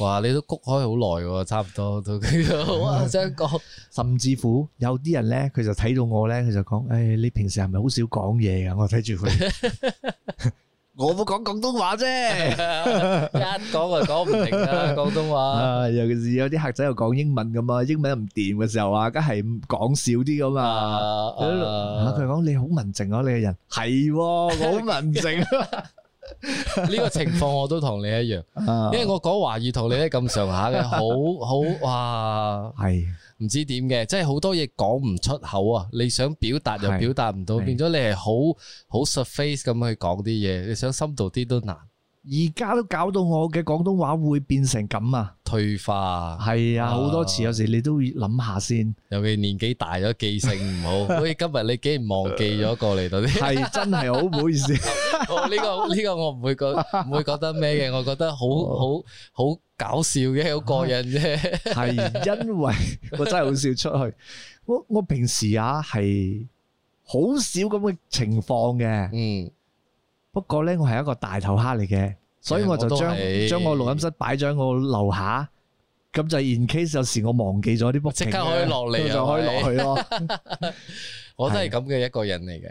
哇，哇你都谷開好耐喎，差唔多都，哇真係講，甚至乎有啲人咧佢就睇到我咧佢就講，誒、哎、你平時係咪好少講嘢㗎？我睇住佢。 <laughs> 我冇講廣東話啫， <laughs> 一講就講唔停啦。廣東話，啊，尤其是有啲客仔又講英文噶嘛，英文唔掂嘅時候啊，梗係講少啲噶啊，佢講，啊、你好文靜啊，你個人係，啊，我好文靜。呢個情況我都同你一樣，啊，因為我講華語同你咧咁上下嘅，好好哇，係。唔知點嘅，即係好多嘢講唔出口啊！你想表達又表達唔到，變咗你係好好 surface 咁去講啲嘢，你想深度啲都難。而家都搞到我嘅廣東話會變成咁啊！退化係啊，好、啊、多詞有時你都要諗下先。尤其年紀大咗，記性唔好，所以 <laughs> 今日你竟然忘記咗過嚟度啲係真係好唔好意思。呢、 <laughs> 哦呢個呢、呢個我唔會覺唔會覺得咩嘅， <laughs> 我覺得、哦、好好好搞笑嘅，好過癮啫。係 <laughs> 因為我真係好少出去。我我平時啊係好少咁嘅情況嘅。嗯。不過呢，我係一個大頭蝦嚟嘅，所以我就將將是我錄音室擺咗喺我樓下，咁就 in case 有時我忘記咗啲 booking 即刻可以落嚟、啊，就可以落去咯。 <laughs> <laughs> 我都係咁嘅一個人嚟嘅。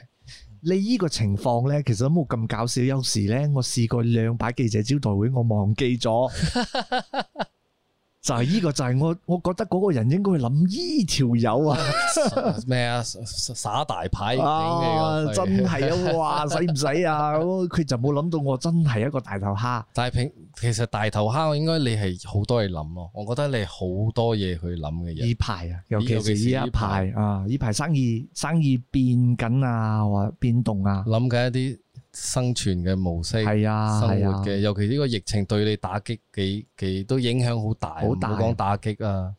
你呢個情況呢，其實都冇咁搞笑。有時呢，我試過兩擺記者招待會，我忘記咗。 <laughs> 就係呢個，就係我我覺得嗰個人應該諗呢條友啊！咩 <laughs> <laughs> 啊耍大牌嘅真係啊！哇，使唔使啊？佢 <laughs> 就冇諗到，我真係一個大頭蝦。但係平其實大頭蝦，應該你係好多嘢諗咯。我覺得你好多嘢去諗嘅嘢。呢排啊，尤其是呢一排啊，呢排生意生意變緊啊，或變動啊。諗緊一啲，生存嘅模式，係啊，生活嘅，啊、尤其呢個疫情對你打擊幾幾都影響好大，唔好講打擊啊，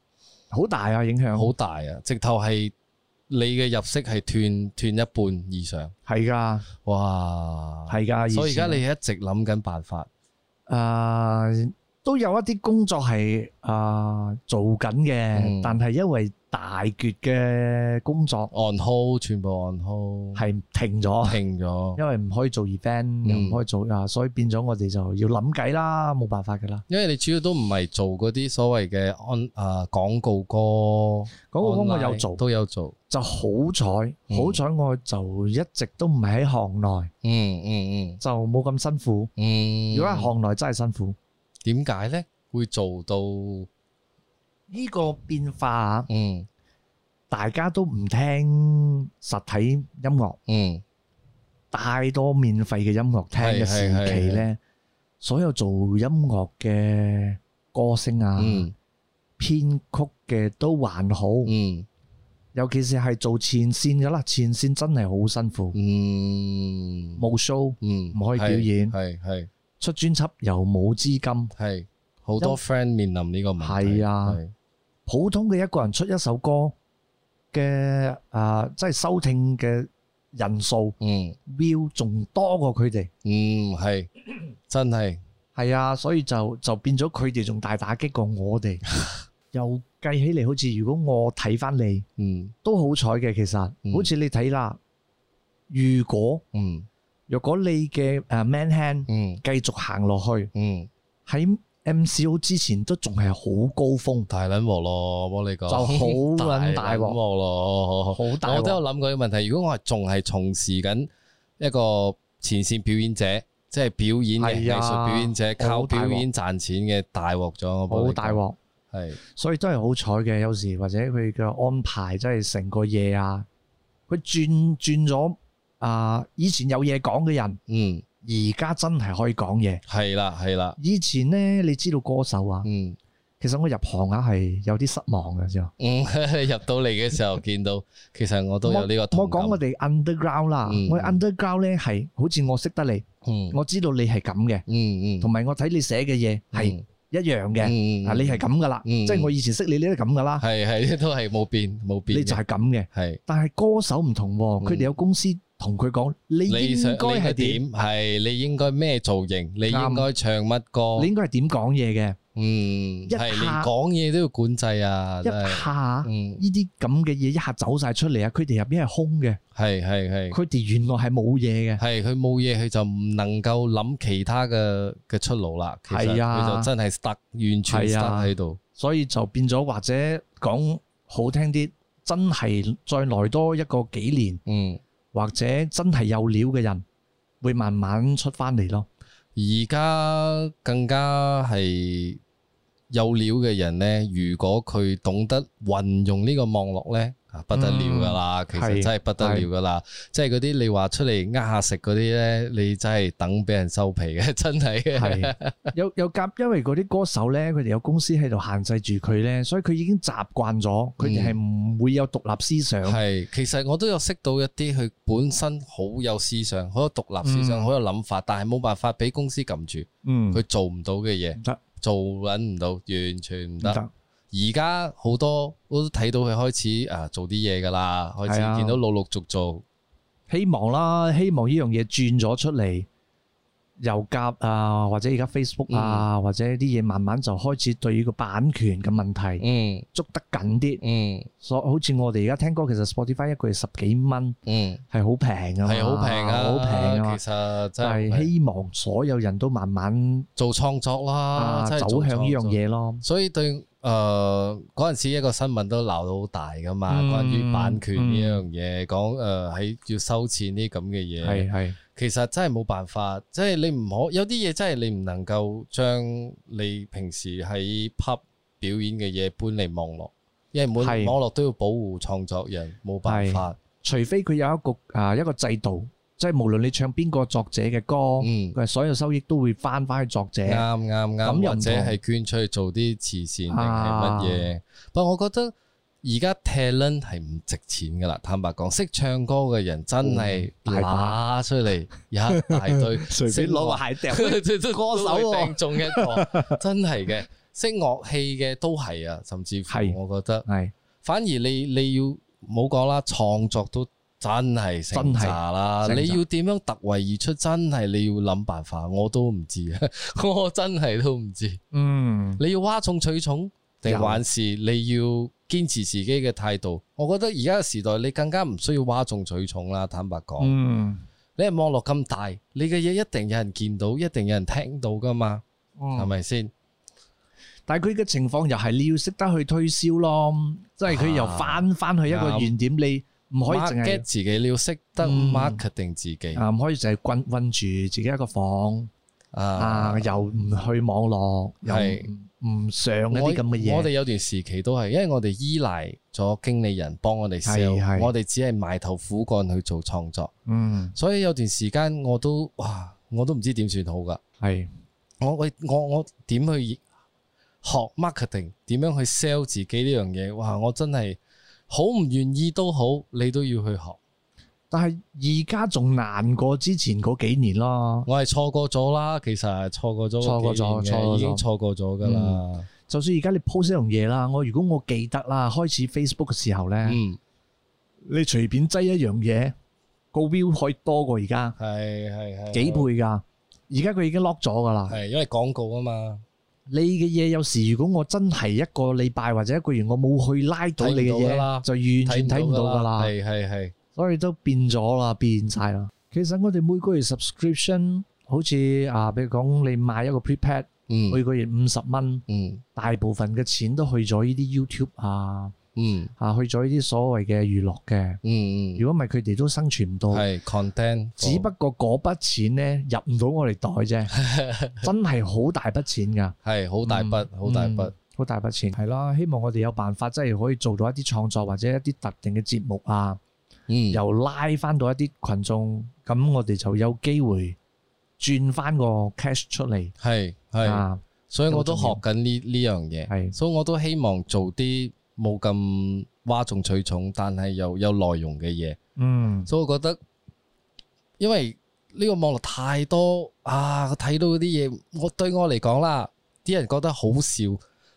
好大啊影響，好大啊，直頭係你嘅入息係斷斷一半以上，係噶的，哇，係噶，以所以而家你一直諗緊辦法，誒。Uh, 都有一啲工作係啊做緊嘅，但係因為大部分嘅工作，on hold 全部 on hold 係停咗，停咗，因為唔可以做 event，又唔可以做啊，所以變咗我哋就要諗計啦，冇辦法㗎啦。因為你主要都唔係做嗰啲所謂嘅安啊廣告歌，廣告歌，廣告歌，我有做都有做，就好彩好彩我就一直都唔係喺行內，嗯嗯嗯，就冇咁辛苦。如果喺行內真係辛苦。點解呢會做到呢個變化？嗯，大家都唔聽實體音樂，嗯，太多免費嘅音樂聽嘅時期呢，所有做音樂嘅歌星啊，嗯，編曲嘅都還好，嗯，尤其是係做前線嘅啦，前線真係好辛苦，嗯，冇 show，嗯，唔可以表演，係係。出專輯又冇資金，係好多 friend 因面臨呢個問題。係啊，是普通嘅一個人出一首歌嘅啊、呃，即係收聽嘅人數，嗯，view 仲多過佢哋。嗯，係真係係啊，所以就就變咗佢哋仲大打擊過我哋。 <laughs> 又計起嚟，好似如果我睇翻睇返你，嗯，都好彩嘅。其實、嗯、好似你睇啦，如果嗯。若果你嘅誒 man hand、嗯、繼續行落去，喺、嗯、MCO 之前都仲係好高峰，大撚鑊咯，我你講就好很撚 <laughs> 大鑊咯，好大。糕我都有諗過啲問題，如果我係仲係從事緊一個前線表演者，即係表演藝術表演者、啊、靠表演賺錢嘅大鑊咗，好大鑊。係，所以都係好彩嘅。有時或者佢嘅安排真係成個夜啊，佢轉轉咗。啊！以前有嘢講嘅人，嗯，而家真係可以講嘢，係啦係啦。以前咧，你知道歌手啊，嗯，其實我入行啊係有啲失望嘅，就嗯，入到嚟嘅時候見到，其實我都有呢個感覺，我講我哋 underground 啦，我 underground 咧係好似我識得你，我知道你係咁嘅，嗯嗯，同埋我睇你寫嘅嘢係一樣嘅，嗯，你係咁噶啦，即係我以前識你你都咁噶啦，係係都係冇變冇變，你就係咁嘅，係，但係歌手唔同，佢哋有公司。同佢講，你應該係點？係你應該咩造型？你應該唱乜歌？你應該係點講嘢嘅？嗯，係連講嘢都要管制啊！一下，嗯，呢啲咁嘅嘢，一下走晒出嚟啊！佢哋入邊係空嘅，係係係。佢哋原來係冇嘢嘅，係佢冇嘢，佢就唔能夠諗其他嘅嘅出路啦。係啊，佢就真係 stuck，完全 stuck 喺度。所以就變咗，或者講好聽啲，真係再嚟多一個幾年，嗯。或者真係有料嘅人，會慢慢出翻嚟咯。而家更加係有料嘅人咧，如果佢懂得運用呢個網絡咧。不得了噶啦，其實真係不得了噶啦，即係嗰啲你話出嚟呃下食嗰啲咧，你真係等俾人收皮嘅，真係。有有夾，因為嗰啲歌手咧，佢哋有公司喺度限制住佢咧，所以佢已經習慣咗，佢哋係唔會有獨立思想。係，其實我都有識到一啲，佢本身好有思想，好有獨立思想，好有諗法，但係冇辦法俾公司撳住，佢做唔到嘅嘢，做緊唔到，完全唔得。而家好多都睇到佢開始啊做啲嘢噶啦，開始見到陸陸續續，希望啦，希望呢樣嘢轉咗出嚟。油價啊，或者而家 Facebook 啊，或者啲嘢慢慢就開始對呢個版權嘅問題捉得緊啲。嗯，所好似我哋而家聽歌，其實 Spotify 一個月十幾蚊，嗯，係好平㗎嘛，係好平啊，好平啊。其實真係希望所有人都慢慢做創作啦，走向呢樣嘢咯。所以對誒嗰陣時一個新聞都鬧到好大㗎嘛，關於版權呢樣嘢，講誒喺要收錢啲咁嘅嘢，係係。其實真係冇辦法，即係你唔可有啲嘢真係你唔能夠將你平時喺 pub 表演嘅嘢搬嚟網絡，因為每網絡都要保護創作人，冇辦法。除非佢有一個啊一個制度，即係無論你唱邊個作者嘅歌，佢、嗯、所有收益都會翻返去作者。啱啱啱，咁、嗯嗯嗯嗯、或者係捐出去做啲慈善定係乜嘢。不過、啊、我覺得。而家 talent 係唔值錢噶啦，坦白講，識唱歌嘅人真係打出嚟一大堆，識攞 <laughs> 鞋底都歌手喎、啊， <laughs> <laughs> 中一個真係嘅，識樂器嘅都係啊，甚至乎我覺得，係，反而你你要冇講啦，創作都真係成渣啦，你要點樣突圍而出，真係你要諗辦法，我都唔知， <laughs> 我真係都唔知，嗯，你要嘩眾取寵。定還是你要堅持自己嘅態度，我覺得而家嘅時代，你更加唔需要嘩眾取寵啦。坦白講，你係網絡咁大，你嘅嘢，一定有人見到，一定有人聽到噶嘛，係咪先？但係佢嘅情況又係你要識得去推銷咯，即係佢又翻翻去一個原點，你唔可以淨係自己，你要識得 marketing 自己，唔可以就係困困住自己一個房啊，又唔去網絡又唔上啲咁嘅嘢，我我哋有段時期都係，因為我哋依賴咗經理人幫我哋 sell，< 是是 S 2> 我哋只係埋頭苦幹去做創作。嗯，所以有段時間我都哇，我都唔知點算好噶。係是，我我我我點去學 marketing？點樣去 sell 自己呢樣嘢？哇，我真係好唔願意都好，你都要去學。但係而家仲難過之前嗰幾年咯，我係錯過咗啦。其實錯過咗咗、錯過錯過已經錯過咗噶啦。就算而家你 post 一樣嘢啦，我如果我記得啦，開始 Facebook 嘅時候咧，嗯、你隨便擠一樣嘢，個 view 可以多過而家，係係係幾倍噶。而家佢已經 lock 咗噶啦，係因為廣告啊嘛。你嘅嘢有時如果我真係一個禮拜或者一個月我冇去拉到你嘅嘢，就完全睇唔到噶啦。係係係。所以都變咗啦，變晒啦。其實我哋每個月 subscription 好似啊，比如講你買一個 prepaid、嗯、每個月五十蚊，嗯、大部分嘅錢都去咗呢啲 YouTube 啊，啊、嗯、去咗呢啲所謂嘅娛樂嘅。如果唔係，佢哋都生存唔到。係 content。只不過嗰筆錢咧入唔到我哋袋啫， <laughs> 真係好大筆錢㗎。係好大筆，好、嗯、大筆，好、嗯大，嗯、大筆錢。係咯，希望我哋有辦法即係、就是、可以做到一啲創作或者一啲特定嘅節目啊。嗯，又拉翻到一啲群眾，咁我哋就有機會轉翻個 cash 出嚟。係係，啊、所以我都學緊呢呢樣嘢。係是，所以我都希望做啲冇咁嘩眾取寵，但係又有，有內容嘅嘢。嗯，所以我覺得，因為呢個網絡太多啊，睇到啲嘢，我對我嚟講啦，啲人覺得好笑、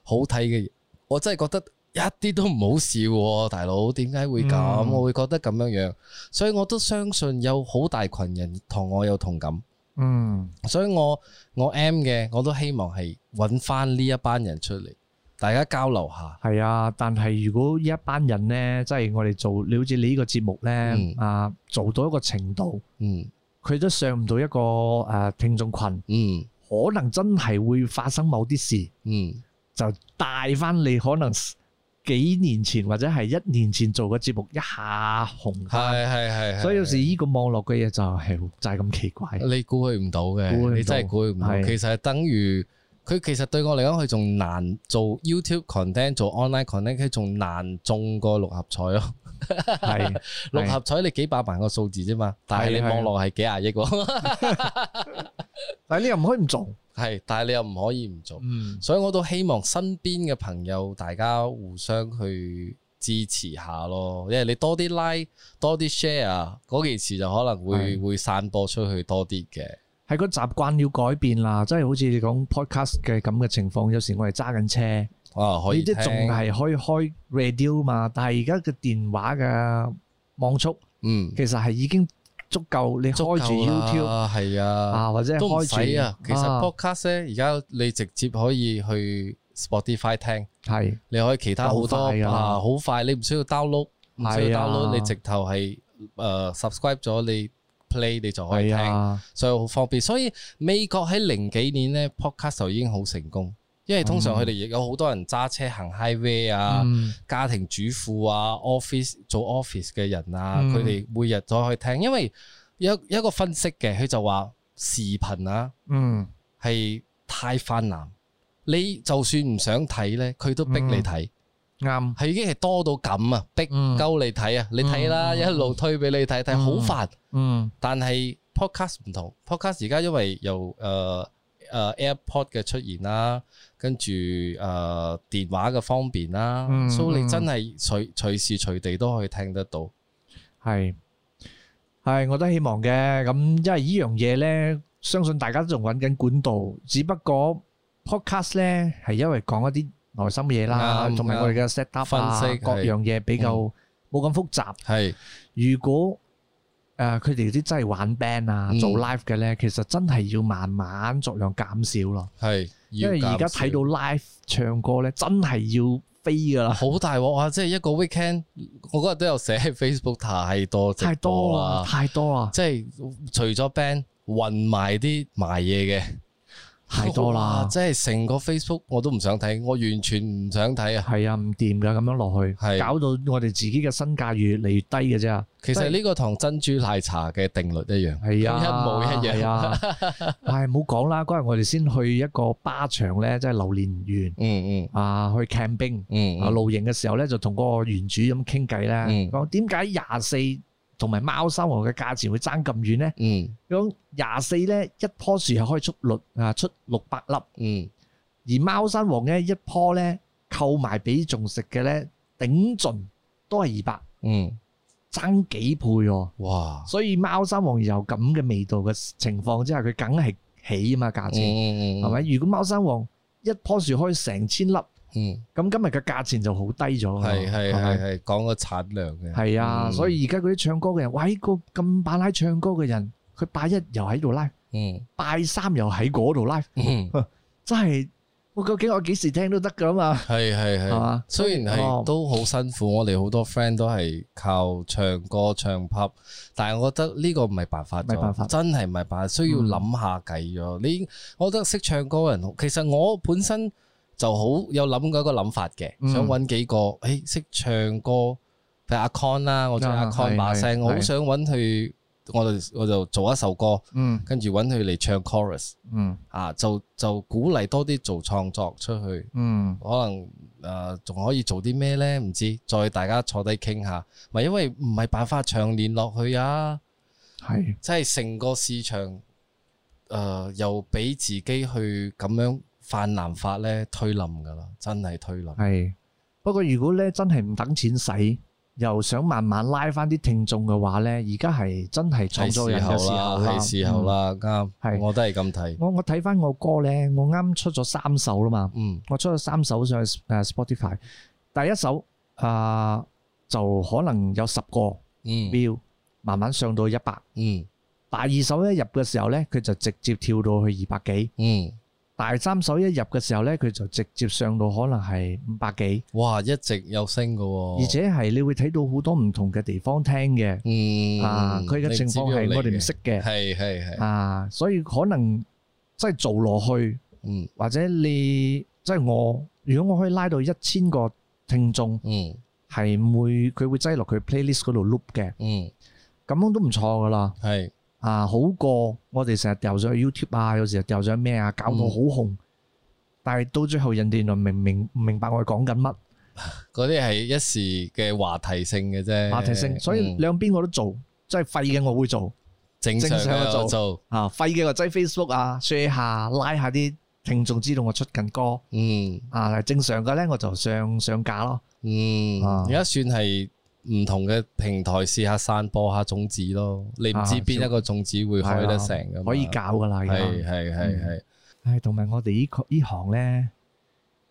好睇嘅，我真係覺得。一啲都唔好笑，大佬點解會咁？嗯、我會覺得咁樣樣，所以我都相信有好大群人同我有同感。嗯，所以我我 M 嘅，我都希望係揾翻呢一班人出嚟，大家交流下。係啊，但係如果呢一班人呢，即係我哋做，你好似你呢個節目呢，嗯、啊，做到一個程度，嗯，佢都上唔到一個誒聽眾群，嗯，可能真係會發生某啲事，嗯，就帶翻你可能。幾年前或者係一年前做個節目一下紅，係係係，所以有時呢個網絡嘅嘢就係就係咁奇怪。你估佢唔到嘅，不到你真係估佢唔到。的其實等於佢其實對我嚟講，佢仲難做 YouTube content 做 online content，佢仲難中過六合彩囉。係六合彩你幾百萬個數字啫嘛，但係你望落係幾廿億喎。但係你又唔可以唔做，係、嗯，但係你又唔可以唔做。所以我都希望身邊嘅朋友大家互相去支持下咯，因為你多啲 like，多啲 share，嗰件事就可能會是會散播出去多啲嘅。係個習慣要改變啦，即係好似你講 podcast 嘅咁嘅情況，有時我係揸緊車。你即係仲係可以開 radio 啊嘛？但係而家嘅電話嘅網速，嗯，其實係已經足夠你開住 YouTube，係啊，或者開住，都唔使啊。其實 podcast 咧，而家你直接可以去 Spotify 聽，係，你可以其他好多啊，好快，你唔需要 download，唔需要 download，你直頭係誒 subscribe 咗你 play，你就可以聽，所以好方便。所以美國喺零幾年咧，podcast 就已經好成功。因為通常佢哋亦有好多人揸車行 highway 啊，家庭主婦啊，office 做 office 嘅人啊，佢哋每日都可以聽。因為有一個分析嘅，佢就話視頻啊，嗯，係太泛濫。你就算唔想睇呢，佢都逼你睇。啱，係已經係多到咁啊，逼鳩你睇啊，你睇啦，一路推俾你睇睇，好煩。嗯，但係 podcast 唔同，podcast 而家，因為由 AirPod 嘅出現啦。跟住誒電話嘅方便啦，所以你真係隨隨時隨地都可以聽得到。係係，我都希望嘅。咁因為依樣嘢咧，相信大家都仲揾緊管道。只不過 Podcast 咧係因為講一啲內心嘅嘢啦，同埋我哋嘅 set up 啊，分析各樣嘢比較冇咁複雜。係，如果誒佢哋啲真係玩 band 啊、做 live 嘅咧，其實真係要慢慢逐量減少咯。係。因為而家睇到 live 唱歌咧，真係要飛噶啦！好大鑊啊！即係一個 weekend，我嗰日都有寫 Facebook 太多太多啦，太多啦！即係除咗 band，混埋啲賣嘢嘅。太多啦！即係成個 Facebook 我都唔想睇，我完全唔想睇啊！係啊，唔掂㗎，咁樣落去，係搞到我哋自己嘅身價越嚟越低嘅啫。其實呢個同珍珠奶茶嘅定律一樣，係啊，一模一樣啊！係唔好講啦，嗰日、 <laughs> 哎、我哋先去一個巴場咧，即係榴蓮園，嗯嗯，嗯啊去 camping，嗯啊、嗯、露營嘅時候咧，就同個園主咁傾偈咧，講點解廿四。同埋貓山王嘅價錢會爭咁遠咧？嗯，咁廿四咧一樖樹係可以出六啊出六百粒，嗯，而貓山王咧一樖咧購埋俾仲食嘅咧頂盡都係二百，嗯，爭幾倍喎！哇！所以貓山王有咁嘅味道嘅情況之下，佢梗係起啊嘛價錢，係咪？如果貓山王一樖樹可以成千粒。嗯，咁今日嘅價錢就好低咗，係係係係講個產量嘅。係啊，所以而家嗰啲唱歌嘅人，喂，個咁扮拉唱歌嘅人，佢拜一又喺度拉，嗯，拜三又喺嗰度拉，真係我究竟我幾時聽都得㗎嘛。係係係，雖然係都好辛苦，我哋好多 friend 都係靠唱歌唱 pop，但係我覺得呢個唔係辦法，唔係辦法，真係唔係辦法，需要諗下計咗。你，我覺得識唱歌嘅人，其實我本身。就好有諗過一個諗法嘅，想揾幾個，誒、欸、識唱歌，譬如阿 Con 啦，我中意阿 Con 把聲，我好想揾佢，我就我就做一首歌，嗯、跟住揾佢嚟唱 chorus、嗯、啊就就鼓勵多啲做創作出去，嗯、可能誒仲、呃、可以做啲咩呢？唔知再大家坐低傾下，唔因為唔係辦法長年落去啊，係是，即係成個市場誒、呃、又俾自己去咁樣。泛濫法咧推冧噶啦，真係推冧。係，不過如果咧真係唔等錢使，又想慢慢拉翻啲聽眾嘅話咧，而家係真係創作人嘅時候啦，係時候啦，啱。係，我都係咁睇。我我睇翻我歌咧，我啱出咗三首啦嘛。嗯，我出咗三首上去 Spotify，第一首啊就可能有十個嗯 view，慢慢上到一百嗯，第二首一入嘅時候咧，佢就直接跳到去二百幾嗯。第三首一入嘅時候呢，佢就直接上到可能係五百幾。哇！一直有升㗎喎。而且係你會睇到好多唔同嘅地方聽嘅。嗯。啊，佢嘅情況係我哋唔識嘅。係係係。啊，所以可能即係做落去，嗯，或者你即係我，如果我可以拉到一千個聽眾，嗯，係會佢會擠落佢 playlist 嗰度 loop 嘅，嗯，咁樣都唔錯㗎喇。係。啊，好過我哋成日掉咗去 YouTube 啊，有時掉咗咩啊，搞到好紅。嗯、但係到最後人哋原來明明唔明白我哋講緊乜，嗰啲係一時嘅話題性嘅啫。話題性，所以兩邊我都做，即係、嗯、廢嘅我會做正常嘅做啊，廢嘅我擠 Facebook 啊 share 下拉下啲聽眾知道我出緊歌。嗯啊，嗯啊正常嘅咧我就上上架咯。嗯，而家算係。唔同嘅平台試下散播下種子咯，你唔知邊一個種子會開得成咁、啊。可以搞㗎喇，係係係係。係同埋我哋呢行咧，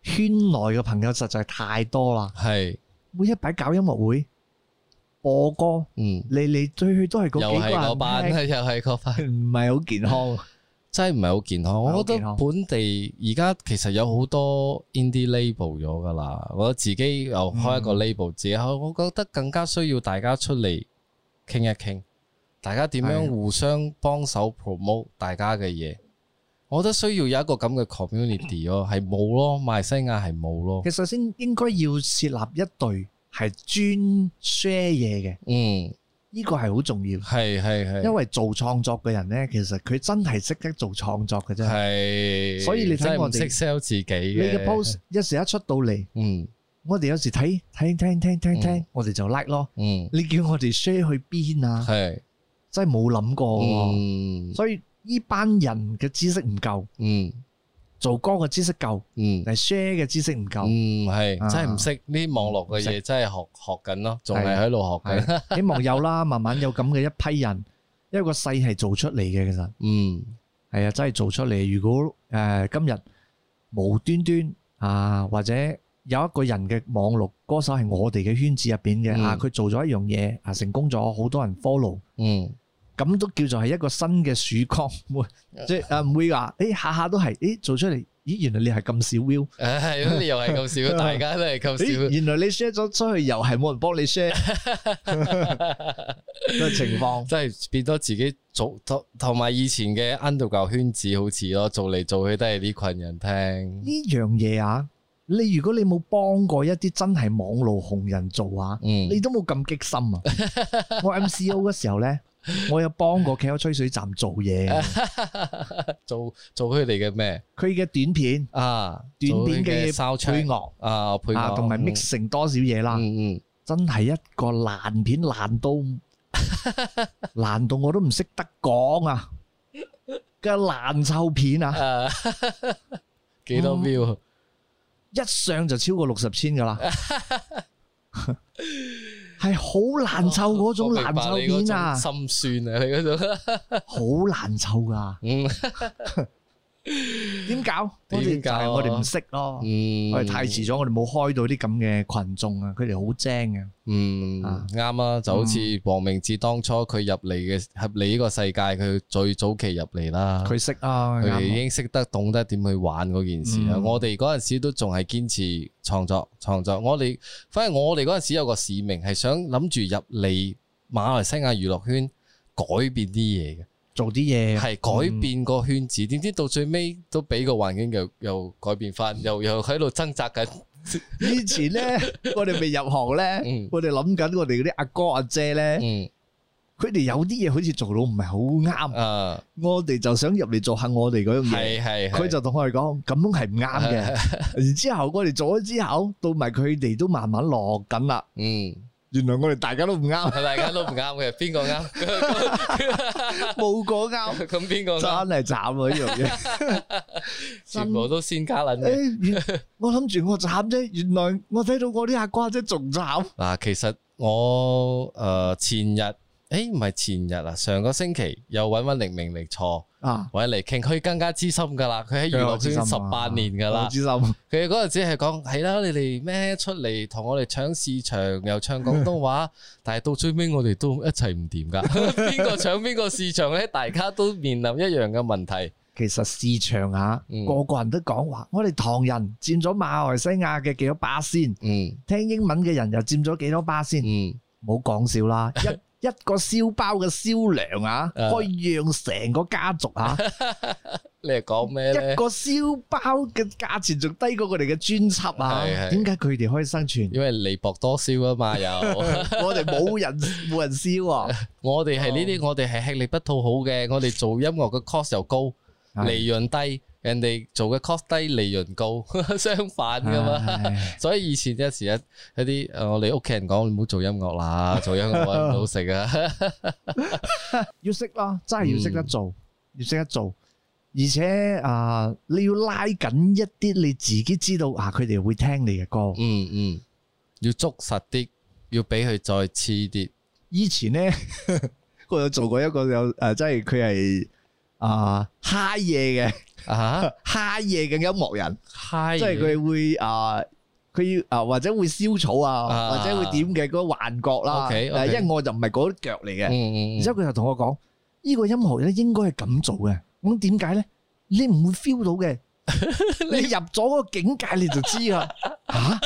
圈內嘅朋友實在太多啦。係是，每一擺搞音樂會播歌，嗯，你你最去都係嗰幾個個班，是又係嗰班，唔係好健康。 <laughs> 真係唔係好健康，健康我覺得本地而家其實有好多 indie label 咗㗎啦。我自己又開一個 label，嗯、自己我覺得更加需要大家出嚟傾一傾，大家點樣互相幫手 promote 大家嘅嘢。的我覺得需要有一個咁嘅 community 咯，係 <coughs> 冇咯，馬來西亞係冇咯。其實首先應該要設立一隊係專 share 嘢嘅。嗯。呢個係好重要，係係係。因為做創作嘅人咧，其實佢真係識得做創作嘅啫，係是。所以你睇我哋真係唔識 sell 自己你嘅 post 一時一出到嚟，嗯，我哋有時睇睇聽聽聽聽，嗯、我哋就 like 咯，嗯。你叫我哋 share 去邊啊？係是，真係冇諗過，嗯、所以呢班人嘅知識唔夠，嗯，嗯。做歌嘅知識夠，但係 share 嘅知識唔夠。嗯，係真係唔識呢啲網絡嘅嘢，真係學學緊咯，仲係喺度學緊。希望有啦，慢慢有咁嘅一批人，因為個勢係做出嚟嘅其實。嗯，係啊，真係做出嚟。如果誒今日無端端啊，或者有一個人嘅網絡歌手係我哋嘅圈子入邊嘅啊，佢做咗一樣嘢啊，成功咗，好多人 follow。嗯。咁都叫做係一個新嘅曙光，即係唔會話，誒下下都係，誒做出嚟，咦原來你係咁少 view，誒又係咁少，大家都係咁少，原來你 share 咗出去又係冇人幫你 share，個情況即係變咗自己做同同埋以前嘅 underdog 圈子好似咯，做嚟做去都係啲群人聽呢樣嘢啊！你如果你冇幫過一啲真係網路紅人做啊，你都冇咁激心啊！我 MCO 嘅時候咧。我有幫過企喺吹水站做嘢， <laughs> 做做佢哋嘅咩？佢嘅短片啊，短片嘅配樂啊，配樂同埋 mix 成多少嘢啦？嗯嗯，真係一個爛片，爛到爛到我都唔識得講啊嘅爛臭片啊，幾多 view？嗯？一上就超過六十千噶啦。 <laughs> <laughs> 係好難湊嗰種難湊片啊！哦、心酸啊，你嗰種好難湊㗎。 <laughs> 點 <laughs> 搞？點解、嗯？我哋唔識咯，我哋太遲咗，我哋冇開到啲咁嘅群眾啊！佢哋好精嘅，嗯，啱啦、嗯。就好似黃明志當初佢入嚟嘅，嗯、合理呢個世界，佢最早期入嚟啦，佢識啊，佢哋已經識得懂得點、啊、去玩嗰件事啦。嗯、我哋嗰陣時都仲係堅持創作，創作。我哋反正我哋嗰陣時有個使命，係想諗住入嚟馬來西亞娛樂圈改變啲嘢嘅。做啲嘢，係改變個圈子，點知到最尾都俾個環境又又改變翻又又喺度掙扎緊。以前咧，我哋未入行咧，我哋諗緊我哋嗰啲阿哥阿姐咧，佢哋有啲嘢好似做到唔係好啱，我哋就想入嚟做下我哋嗰樣嘢。係係，佢就同我哋講，咁樣係唔啱嘅。然之後我哋做咗之後，到埋佢哋都慢慢落緊啦。嗯。原來我哋大家都唔啱，大家都唔啱嘅，邊個啱？冇個啱，咁邊個？真係慘啊！呢樣嘢，全部都先加捻啫、 <laughs> 欸。我諗住我慘啫，原來我睇到我啲阿瓜姐仲慘。嗱，其實我誒、呃、前日，誒唔係前日啊，上個星期又揾揾零零零錯。啊，嚟傾，佢更加知心噶啦，佢喺娛樂圈十八年噶啦，佢嗰陣時係講係啦，你哋咩出嚟同我哋搶市場，又唱廣東話， <laughs> 但係到最尾我哋都一齊唔掂噶，邊個 <laughs> 搶邊個市場咧？大家都面臨一樣嘅問題， <laughs> 其實市場嚇、啊、個個人都講話，我哋唐人佔咗馬來西亞嘅幾多巴仙、嗯嗯？嗯，聽英文嘅人又佔咗幾多巴仙？嗯，冇講笑啦。一個燒包嘅銷量啊，可以養成個家族啊！ <laughs> 你係講咩？一個燒包嘅價錢仲低過我哋嘅專輯啊！點解佢哋可以生存？因為利薄多銷啊嘛， <laughs> 又 <laughs> <laughs> 我哋冇人冇人燒啊 <laughs> ，我哋係呢啲，我哋係吃力不討好嘅，我哋做音樂嘅 cost 又高，利潤 <laughs> 低。人哋做嘅 cost 低，利潤高，相反噶嘛。是是所以以前時有時一一啲，我哋屋企人講，唔好做音樂啦，做音樂唔好食啊。 <laughs> <laughs> 要識咯，真係要識得做，嗯、要識得做。而且啊、呃，你要拉緊一啲你自己知道啊，佢哋會聽你嘅歌。嗯嗯，要捉實啲，要俾佢再黐啲。以前咧，我有做過一個有誒、呃，即係佢係啊 hi 嘢嘅。呃 Hi 吓，嗨嘢嘅音樂人，即係佢會啊，佢要啊或者會燒草啊，或者會點嘅嗰個幻覺啦。誒，因為我就唔係嗰啲腳嚟嘅，然之後佢就同我講，呢個音樂人應該係咁做嘅。咁點解咧？你唔會 feel 到嘅，你入咗個境界你就知啦。吓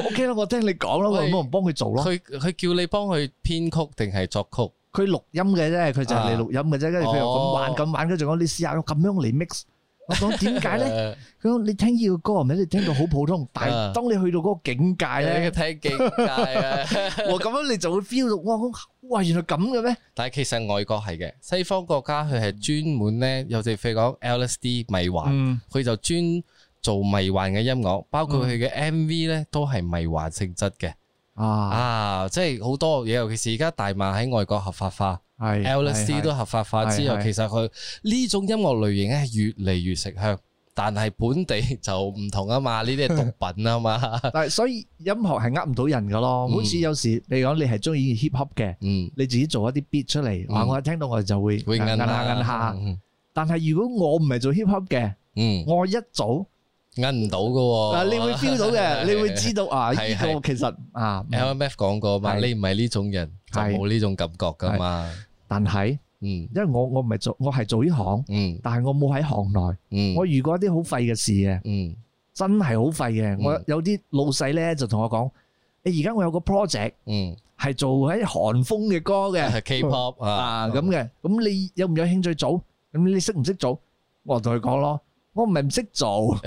，O K 啦，我聽你講啦，我咪唔幫佢做咯。佢佢叫你幫佢編曲定係作曲？佢錄音嘅啫，佢就係你錄音嘅啫，跟住佢又咁玩咁玩，跟住我你試下咁樣嚟 mix。 <laughs> 我講點解咧？佢 <laughs> 你聽依個歌，係咪？你聽到好普通， <laughs> 但係當你去到嗰個境界咧，聽境界啊！咁樣你就會 feel 到哇，哇，原來咁嘅咩？但係其實外國係嘅，西方國家佢係專門咧，尤其譬如講 LSD 迷幻，佢、嗯、就專做迷幻嘅音樂，包括佢嘅 MV 咧都係迷幻性質嘅。啊啊！即係好多嘢，尤其是而家大麻喺外國合法化，LSD 都合法化之後，其實佢呢種音樂類型咧越嚟越食香，但係本地就唔同啊嘛，呢啲係毒品啊嘛。但係所以音樂係呃唔到人噶咯，好似有時你講你係中意 hip hop 嘅，你自己做一啲 beat 出嚟，話我一聽到我就會韻下。但係如果我唔係做 hip hop 嘅，我一早。握唔到嘅，嗱，你會 feel 到嘅，你會知道啊呢個其實啊，LMF 講過嘛，你唔係呢種人就冇呢種感覺噶嘛。但係，嗯，因為我我唔係做，我係做呢行，嗯，但係我冇喺行內，嗯，我遇過一啲好廢嘅事嘅，嗯，真係好廢嘅。我有啲老細咧就同我講，你而家我有個 project，嗯，係做喺韓風嘅歌嘅，係 K-pop 啊咁嘅，咁你有唔有興趣做？咁你識唔識做？我同佢講咯，我唔係唔識做。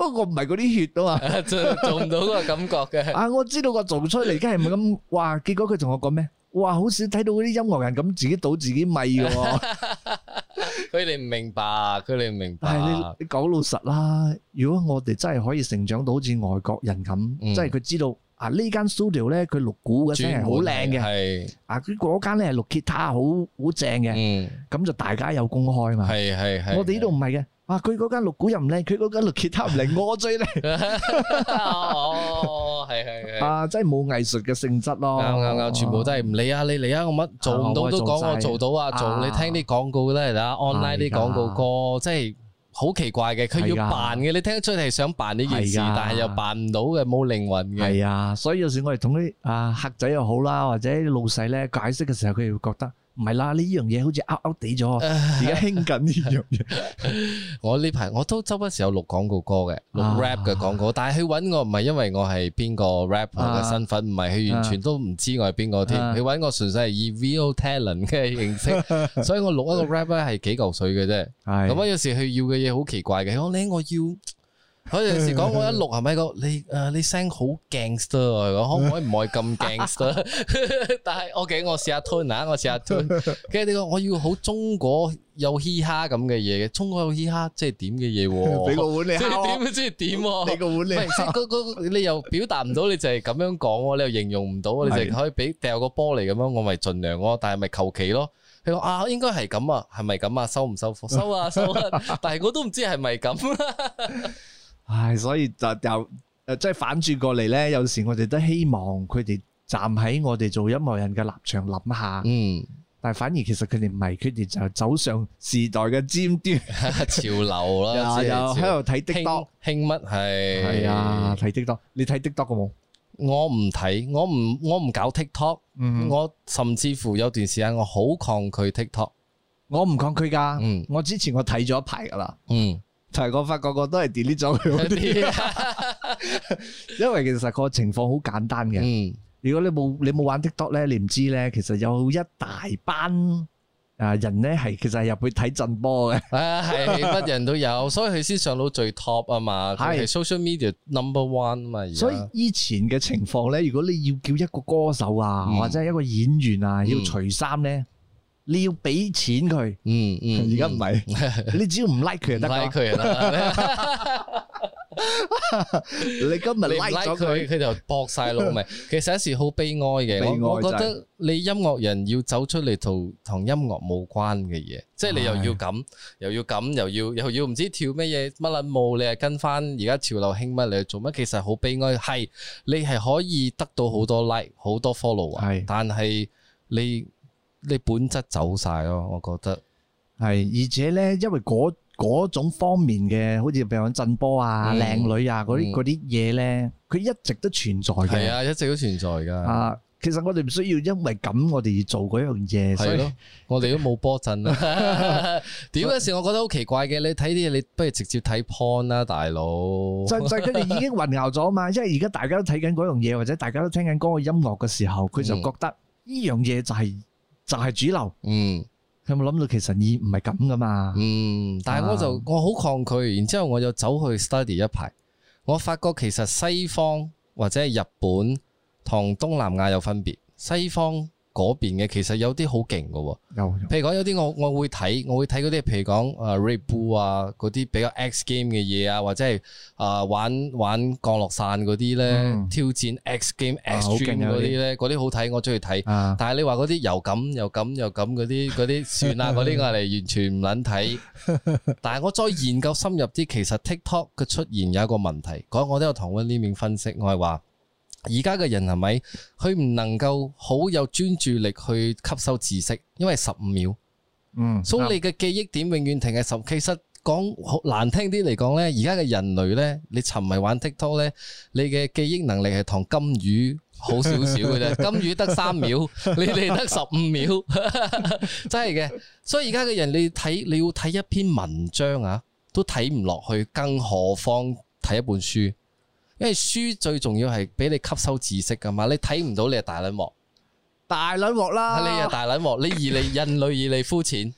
不過唔係嗰啲血啊，做唔到個感覺嘅。啊，我知道我做唔出嚟，而家係咪咁？哇！結果佢同我講咩？哇！好少睇到嗰啲音樂人咁自己倒自己咪嘅。佢哋唔明白，佢哋唔明白。係你你講老實啦，如果我哋真係可以成長到好似外國人咁，即係佢知道啊呢間 studio 咧，佢錄鼓嘅聲係好靚嘅。係啊，佢嗰間咧係錄吉他，好好正嘅。嗯，咁就大家有公開嘛。係係係。我哋呢度唔係嘅。啊！佢嗰間錄鼓又唔靚，佢嗰間錄吉他唔靚，我最靚。哦，係係係。啊，真係冇藝術嘅性質咯。啱啱啱，全部都係唔理啊，你嚟啊，我乜做唔到都講我做到啊，做你聽啲廣告都係啦，online 啲廣告歌，即係好奇怪嘅，佢要扮嘅，你聽得出係想扮呢件事，但係又扮唔到嘅，冇靈魂嘅。係啊，所以有時我哋同啲啊客仔又好啦，或者老細咧解釋嘅時候，佢哋會覺得。唔係啦，呢依樣嘢好似拗拗地咗，而家興緊呢樣嘢。我呢排我都周不時有錄廣告歌嘅，錄 rap 嘅廣告。啊、但係佢揾我唔係因為我係邊個 rapper 嘅、啊、身份，唔係佢完全、啊、都唔知我係邊個添。佢揾、啊、我純粹係以 real talent 嘅形式，啊、所以我錄一個 rap 咧係幾嚿水嘅啫。咁啊的，我有時佢要嘅嘢好奇怪嘅，我咧我要。我有陣時講我一六啊米個，你誒你聲好 gangster，我可唔可以唔係咁 gangster？但係我驚我試下 turn 啊，我試下 turn。跟住你講我要好中國有嘻哈咁嘅嘢，中國有嘻哈即係點嘅嘢？俾個碗你，即係點？即係點？俾個碗你。嗰嗰你又表達唔到，你就係咁樣講，你又形容唔到，你就可以俾掉個玻璃咁樣，我咪盡量咯。但係咪求其咯？佢話啊，應該係咁啊，係咪咁啊？收唔收貨？收啊收啊。但係我都唔知係咪咁。唉，所以就又，誒，即係反轉過嚟。咧有時我哋都希望佢哋站喺我哋做音樂人嘅立場諗下。嗯。但係反而其實佢哋唔係，佢哋就走上時代嘅尖端，嗯、 <laughs> 潮流啦了。 <laughs> 又喺度睇 TikTok，興乜係？係啊，睇 TikTok。你睇 TikTok 嘅冇？我唔睇，我唔，嗯，我唔搞 TikTok。我甚至乎有段時間我好抗拒 TikTok。我唔抗拒噶。嗯。我之前我睇咗一排噶啦。嗯。係我發覺個都係 delete 咗佢嗰啲，因為其實個情況好簡單嘅。如果你冇你冇玩 TikTok 咧，你唔知咧，其實有一大班啊人咧係其實係入去睇震波嘅，哎。啊，係乜人都有，所以佢先上到最 top 啊嘛。係 social media number one 啊嘛。所以以前嘅情況咧，如果你要叫一個歌手啊，或者係一個演員啊，要除衫咧。你要俾錢佢、嗯，嗯嗯，而家唔係，你只要唔 like 佢就得。like 佢啊！ <laughs> <laughs> 你今日 like 咗佢，佢、like、 <laughs> 就搏曬老命。其實一時好悲哀嘅、就是，我覺得你音樂人要走出嚟同同音樂冇關嘅嘢，即係的你又要咁，又要咁，又要又要唔知跳咩嘢乜撚舞，你又跟翻而家潮流興乜，你又做乜？其實好悲哀。係你係可以得到好多 like，好多 follow，係，但係你。你本質走晒咯，我覺得係，而且咧，因為嗰嗰種方面嘅，好似譬如話，震波啊、靚女啊嗰啲嗰啲嘢咧，佢一直都存在嘅，係啊，一直都存在噶。啊，其實我哋唔需要因為咁我哋而做嗰樣嘢，所以我哋都冇波震啊。點嘅事，我覺得好奇怪嘅。你睇啲嘢，你不如直接睇 porn 啦，大佬。就就係佢哋已經混淆咗嘛，因為而家大家都睇緊嗰樣嘢，或者大家都聽緊嗰個音樂嘅時候，佢就覺得呢樣嘢就係。就係主流。嗯，有冇諗到其實已唔係噉㗎嘛？嗯，但係我就我好抗拒，然之後我就走去 study 一排，我發覺其實西方或者係日本同東南亞有分別。西方。嗰邊嘅其實有啲好勁㗎喎，譬如講有啲我我會睇，我會睇嗰啲譬如講啊 Red Bull 啊嗰啲比較 X Game 嘅嘢啊，或者係啊玩玩降落傘嗰啲咧，挑戰 X Game X Game 嗰啲咧，嗰啲好睇，我中意睇。啊、但係你話嗰啲又咁又咁又咁嗰啲，嗰啲算啊，嗰啲我係完全唔撚睇。 <laughs> 但係我再研究深入啲，其實 TikTok 嘅出現有一個問題，講我都有同 v 呢面分析，我係話。而家嘅人係咪佢唔能夠好有專注力去吸收知識？因為十五秒，嗯，所以你嘅記憶點永遠停喺十。其實講難聽啲嚟講呢，而家嘅人類呢，你沉迷玩 TikTok 呢，你嘅記憶能力係同金魚好少少嘅啫， <laughs> 金魚得三秒， <laughs> 你哋得十五秒， <laughs> 真係嘅。所以而家嘅人，你睇你要睇一篇文章啊，都睇唔落去，更何況睇一本書。因為書最重要係俾你吸收知識噶嘛，你睇唔到你係大卵鑊，大卵鑊啦！你係大卵鑊，你以嚟人類以嚟膚淺。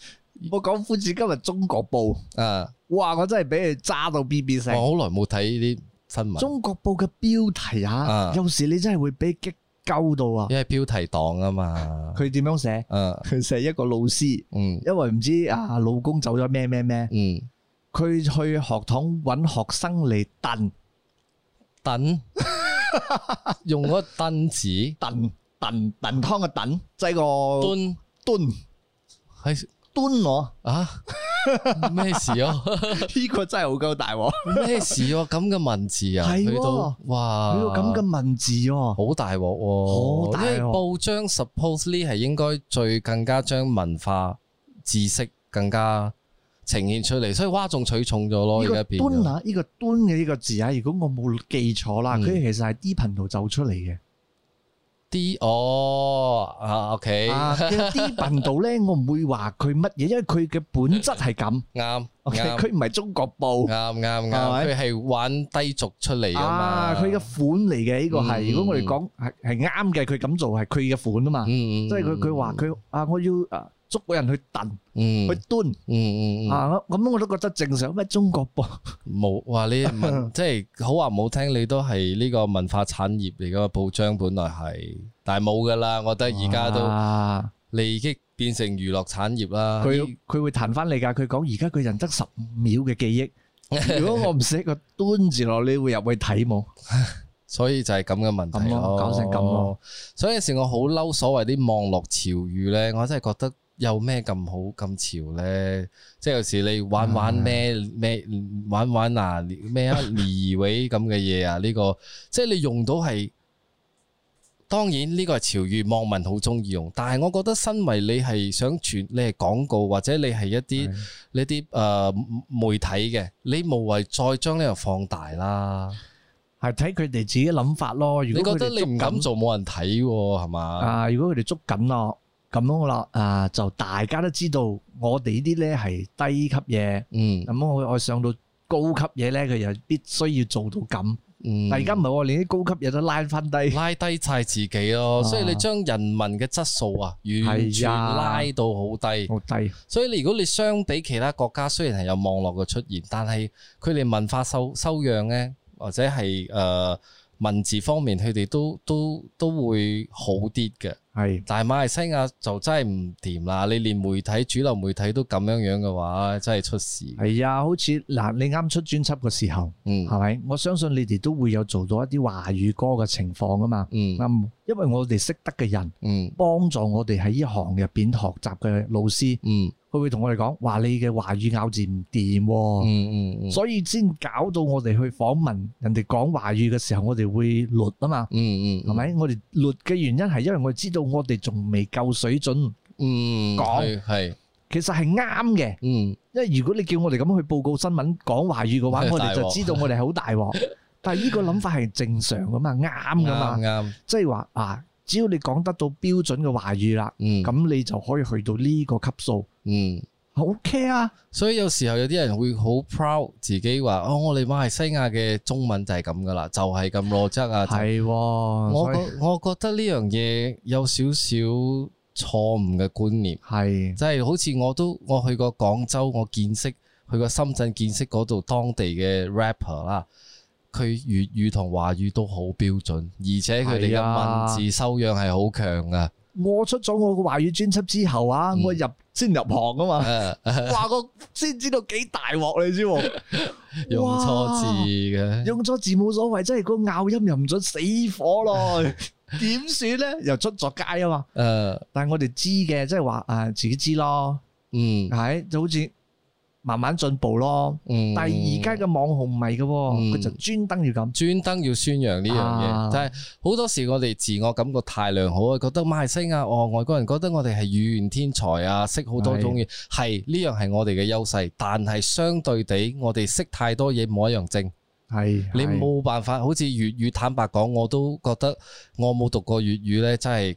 我講膚淺今日中國報啊，哇！我真係俾你揸到 B B 聲。我好耐冇睇呢啲新聞。中國報嘅標題吓、啊，啊、有時你真係會俾激鳩到啊！因為標題黨啊嘛，佢點樣寫？佢寫、啊、一個老師，嗯，因為唔知啊老公走咗咩咩咩，嗯，佢去學堂搵學生嚟燉。燉，用嗰個燉字，燉燉燉湯嘅燉，即係個燉燉，係燉我啊？咩事啊？呢 <laughs> 個真係好夠大鑊！咩 <laughs> 事啊？咁嘅文字啊？哦、去到哇，咁嘅文字，啊，好大鑊喎！大、啊！啊、因為報章 supposedly 係應該最更加將文化知識更加。呈現出嚟，所以嘩眾取寵咗咯。依個端啊，呢個端嘅呢個字啊，如果我冇記錯啦，佢其實係 D 頻道走出嚟嘅 D 哦，啊，OK，啊 D 頻道咧，我唔會話佢乜嘢，因為佢嘅本質係咁啱。OK，佢唔係中國報，啱啱啱，佢係玩低俗出嚟嘅嘛。啊，佢嘅款嚟嘅呢個係，如果我哋講係係啱嘅，佢咁做係佢嘅款啊嘛。嗯嗯，即係佢佢話佢啊，我要啊。捉個人去燉，嗯、去端，嗯、啊咁，我都覺得正常。咩中國噃冇話呢？問 <laughs> 即係好話唔好聽，你都係呢個文化產業嚟嘅報章，本來係，但係冇㗎啦。我覺得而家都利益、啊、變成娛樂產業啦。佢佢會彈翻嚟㗎。佢講而家佢人得十五秒嘅記憶。如果我唔寫個端字落，你會入去睇冇？ <laughs> <laughs> 所以就係咁嘅問題咯。講成咁咯、啊。所以有時我好嬲，所謂啲網絡潮語咧，我真係覺得。有咩咁好咁潮呢？即係有時你玩玩咩咩、嗯、玩玩啊，咩啊 l e 咁嘅嘢啊？呢、 <laughs> 啊這個即係你用到係，當然呢個係潮語網民好中意用。但係我覺得身為你係想傳，你係廣告或者你係一啲呢啲誒媒體嘅，你無謂再將呢樣放大啦。係睇佢哋自己諗法咯。如果你覺得你唔敢做，冇人睇係嘛？啊、呃！如果佢哋捉緊咯。咁樣啦，啊，就大家都知道，我哋呢啲咧係低級嘢。嗯。咁我我上到高級嘢咧，佢又必須要做到咁。嗯。但係而家唔係喎，連啲高級嘢都拉翻低。拉低晒自己咯，所以你將人民嘅質素啊，完全拉到好低。好低。所以你如果你相比其他國家，雖然係有網絡嘅出現，但係佢哋文化修修養咧，或者係啊。文字方面，佢哋都都都會好啲嘅，係。但係馬來西亞就真係唔掂啦，你連媒體主流媒體都咁樣樣嘅話，真係出事。係啊，好似嗱，你啱出專輯嘅時候，嗯，係咪？我相信你哋都會有做到一啲華語歌嘅情況啊嘛，嗯，啱。因為我哋識得嘅人，嗯，幫助我哋喺呢行入邊學習嘅老師，嗯。佢會同我哋講話：你嘅華語咬字唔掂，嗯嗯，所以先搞到我哋去訪問人哋講華語嘅時候，我哋會濾啊嘛，嗯嗯，係咪？我哋濾嘅原因係因為我知道我哋仲未夠水準，嗯，講係，其實係啱嘅，嗯，因為如果你叫我哋咁去報告新聞講華語嘅話，我哋就知道我哋係好大鑊，但係呢個諗法係正常噶嘛，啱噶嘛，啱，即係話啊，只要你講得到標準嘅華語啦，嗯，咁你就可以去到呢個級數。嗯，o、okay、k 啊，所以有時候有啲人會好 proud 自己話，哦，我哋馬來西亞嘅中文就係咁噶啦，就係咁落質啊，係、就是，我、就是 <coughs> 哦、我覺得呢樣嘢有少少錯誤嘅觀念，係是，即係好似，我都我去過廣州，我見識去過深圳見識嗰度當地嘅 rapper 啦，佢粵語同華語都好標準，而且佢哋嘅文字修養係好強噶。我出咗我個華語專輯之後啊，我入先、嗯、入行啊嘛，話我先知道幾大鑊你知？ <laughs> 用錯字嘅，用錯字冇所謂，即係個咬音又唔準死火咯，點 <laughs> 算咧？ <laughs> 又出咗街啊嘛，誒、uh,，但係我哋知嘅，即係話誒自己知咯，嗯，係就好似。慢慢進步咯，但係而家嘅網紅唔係嘅，佢、嗯、就專登要咁，專登要宣揚呢樣嘢。啊、就係好多時我哋自我感覺太良好，覺得馬來西亞哦，外國人覺得我哋係語言天才啊，識好多種語，係呢樣係我哋嘅優勢。但係相對地，我哋識太多嘢冇一樣精，係是你冇辦法。好似粵語坦白講，我都覺得我冇讀過粵語呢，真係。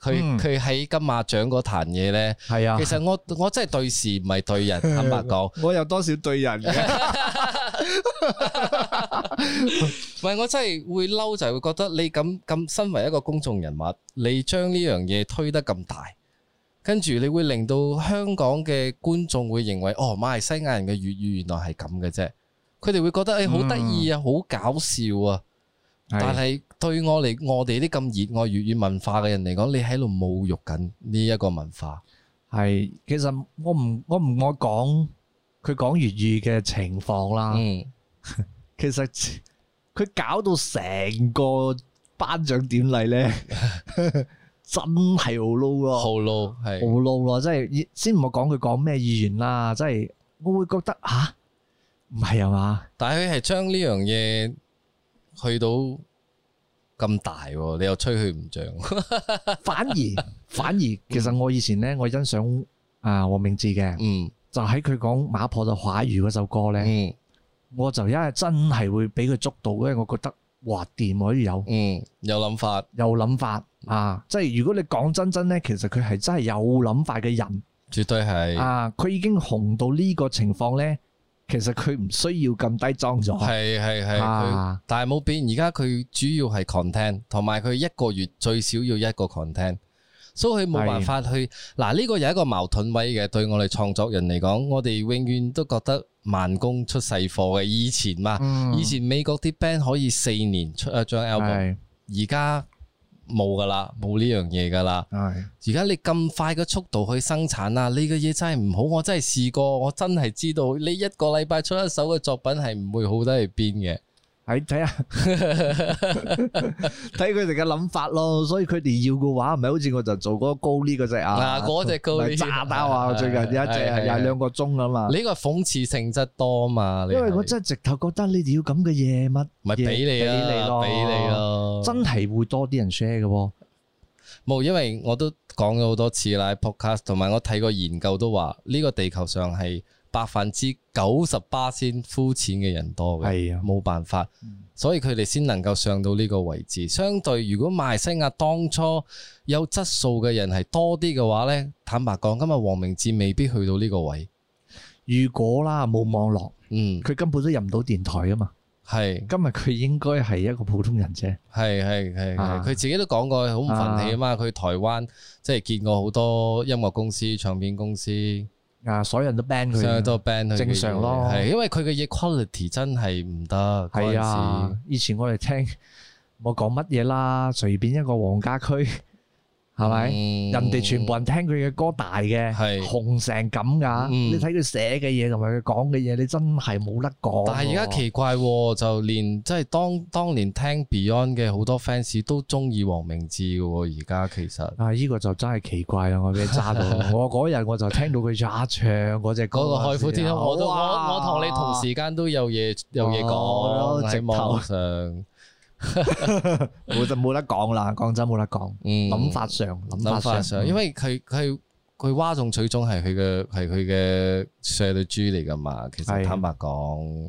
佢佢喺金馬獎嗰段嘢呢，係啊，其實我我真係對事唔係對人，坦白講。 <laughs> 我有多少對人嘅？唔係，我真係會嬲，就係、是、會覺得你咁咁身為一個公眾人物，你將呢樣嘢推得咁大，跟住你會令到香港嘅觀眾會認為，哦，馬來西亞人嘅粵語原來係咁嘅啫，佢哋會覺得誒好得意啊，好、哎、搞笑啊！嗯是但係對我嚟，我哋啲咁熱愛粵語文化嘅人嚟講，你喺度侮辱緊呢一個文化。係，其實我唔我唔愛講佢講粵語嘅情況啦。嗯，其實佢搞到成個頒獎典禮咧，嗯、 <laughs> <laughs> 真係好 low 啊。好 low 係，好 low 咯，即係先唔好講佢講咩語言啦，即係我會覺得吓唔係啊嘛？但係佢係將呢樣嘢。去到咁大，你又吹佢唔漲， <laughs> 反而反而，其實我以前呢，我欣賞啊王明志嘅，嗯、就喺佢講麻坡的華語嗰首歌咧，嗯、我就因為真係會俾佢捉到，因為我覺得哇，點可以有？嗯，有諗法，有諗法啊！即係如果你講真真呢，其實佢係真係有諗法嘅人，絕對係啊！佢已經紅到呢個情況呢。其實佢唔需要咁低裝咗，係係係，但係冇變。而家佢主要係 content，同埋佢一個月最少要一個 content，所以佢冇辦法去。嗱是，呢、啊呢個有一個矛盾位嘅，對我哋創作人嚟講，我哋永遠都覺得慢工出細貨嘅。以前嘛，嗯、以前美國啲 band 可以四年出一張 album，而家。啊是冇噶啦，冇呢樣嘢噶啦。而家的你咁快嘅速度去生產啊，呢個嘢真係唔好。我真係試過，我真係知道，你一個禮拜出一首嘅作品係唔會好得去邊嘅。係睇下，睇佢哋嘅諗法咯。所以佢哋要嘅話，唔係好似我就做嗰個高呢、那個隻啊嗱，嗰隻高呢炸爆啊！那個、啊最近有一隻廿兩個鐘啊嘛。呢個諷刺性質多啊嘛。是因為我真係直頭覺得你哋要咁嘅嘢乜？咪俾你啊，俾你咯，俾你咯。真係會多啲人 share 嘅喎。冇，因為我都講咗好多次啦，Podcast，同埋我睇過研究都話，呢、這個地球上係。百分之九十八先膚淺嘅人多嘅，係啊，冇辦法，嗯、所以佢哋先能夠上到呢個位置。相對，如果馬來西亞當初有質素嘅人係多啲嘅話呢，坦白講，今日黃明志未必去到呢個位。如果啦冇網絡，嗯，佢根本都入唔到電台啊嘛。係，今日佢應該係一個普通人啫。係係係，佢、啊、自己都講過好唔忿氣啊嘛。佢、啊、台灣即係見過好多音樂公司、唱片公司。啊！所有人都 ban 佢，正常咯，因為佢嘅 equality 真係唔得。係啊，時以前我哋聽冇講乜嘢啦，隨便一個黃家駒。係咪？嗯、人哋全部人聽佢嘅歌大嘅，是紅成咁噶。嗯、你睇佢寫嘅嘢同埋佢講嘅嘢，你真係冇得講。但係而家奇怪，就連即係當當年聽 Beyond 嘅好多 fans 都中意黃明志嘅。而家其實，啊，依、這個就真係奇怪啊！我俾你揸到， <laughs> 我嗰日我就聽到佢炸唱嗰隻嗰個海闊天空。我哇我同你同時間都有嘢有嘢講，喺哇、哦、網上。 <laughs> 我就冇得講啦，講真冇得講。諗法上諗法上，法上因為佢佢佢嘩眾取寵係佢嘅係佢嘅射到豬嚟㗎嘛。其實、嗯、坦白講。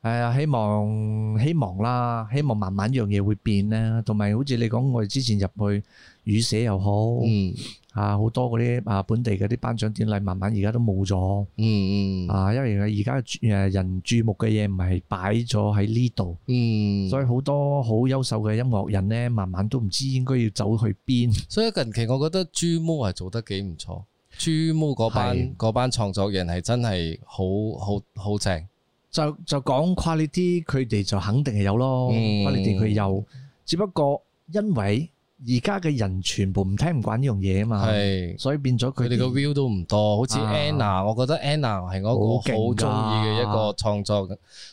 希望，希望啦，希望慢慢樣嘢會變啦。同埋好似你講，我哋之前入去語社又好，嗯、啊好多嗰啲啊本地嗰啲頒獎典禮，慢慢而家都冇咗。嗯嗯，啊，因為而家誒人注目嘅嘢唔係擺咗喺呢度，嗯、所以好多好優秀嘅音樂人咧，慢慢都唔知應該要走去邊。所以近期我覺得朱毛係做得幾唔錯，朱毛嗰班嗰是的 班創作人係真係好好好，好，好正。就就講 quality，佢哋就肯定係有咯。quality 佢、嗯、有，只不過因為而家嘅人全部唔聽唔慣呢樣嘢啊嘛，係、所以變咗佢哋嘅 view 都唔多。好似 Anna、啊、我覺得 Anna 係我一個好中意嘅一個創作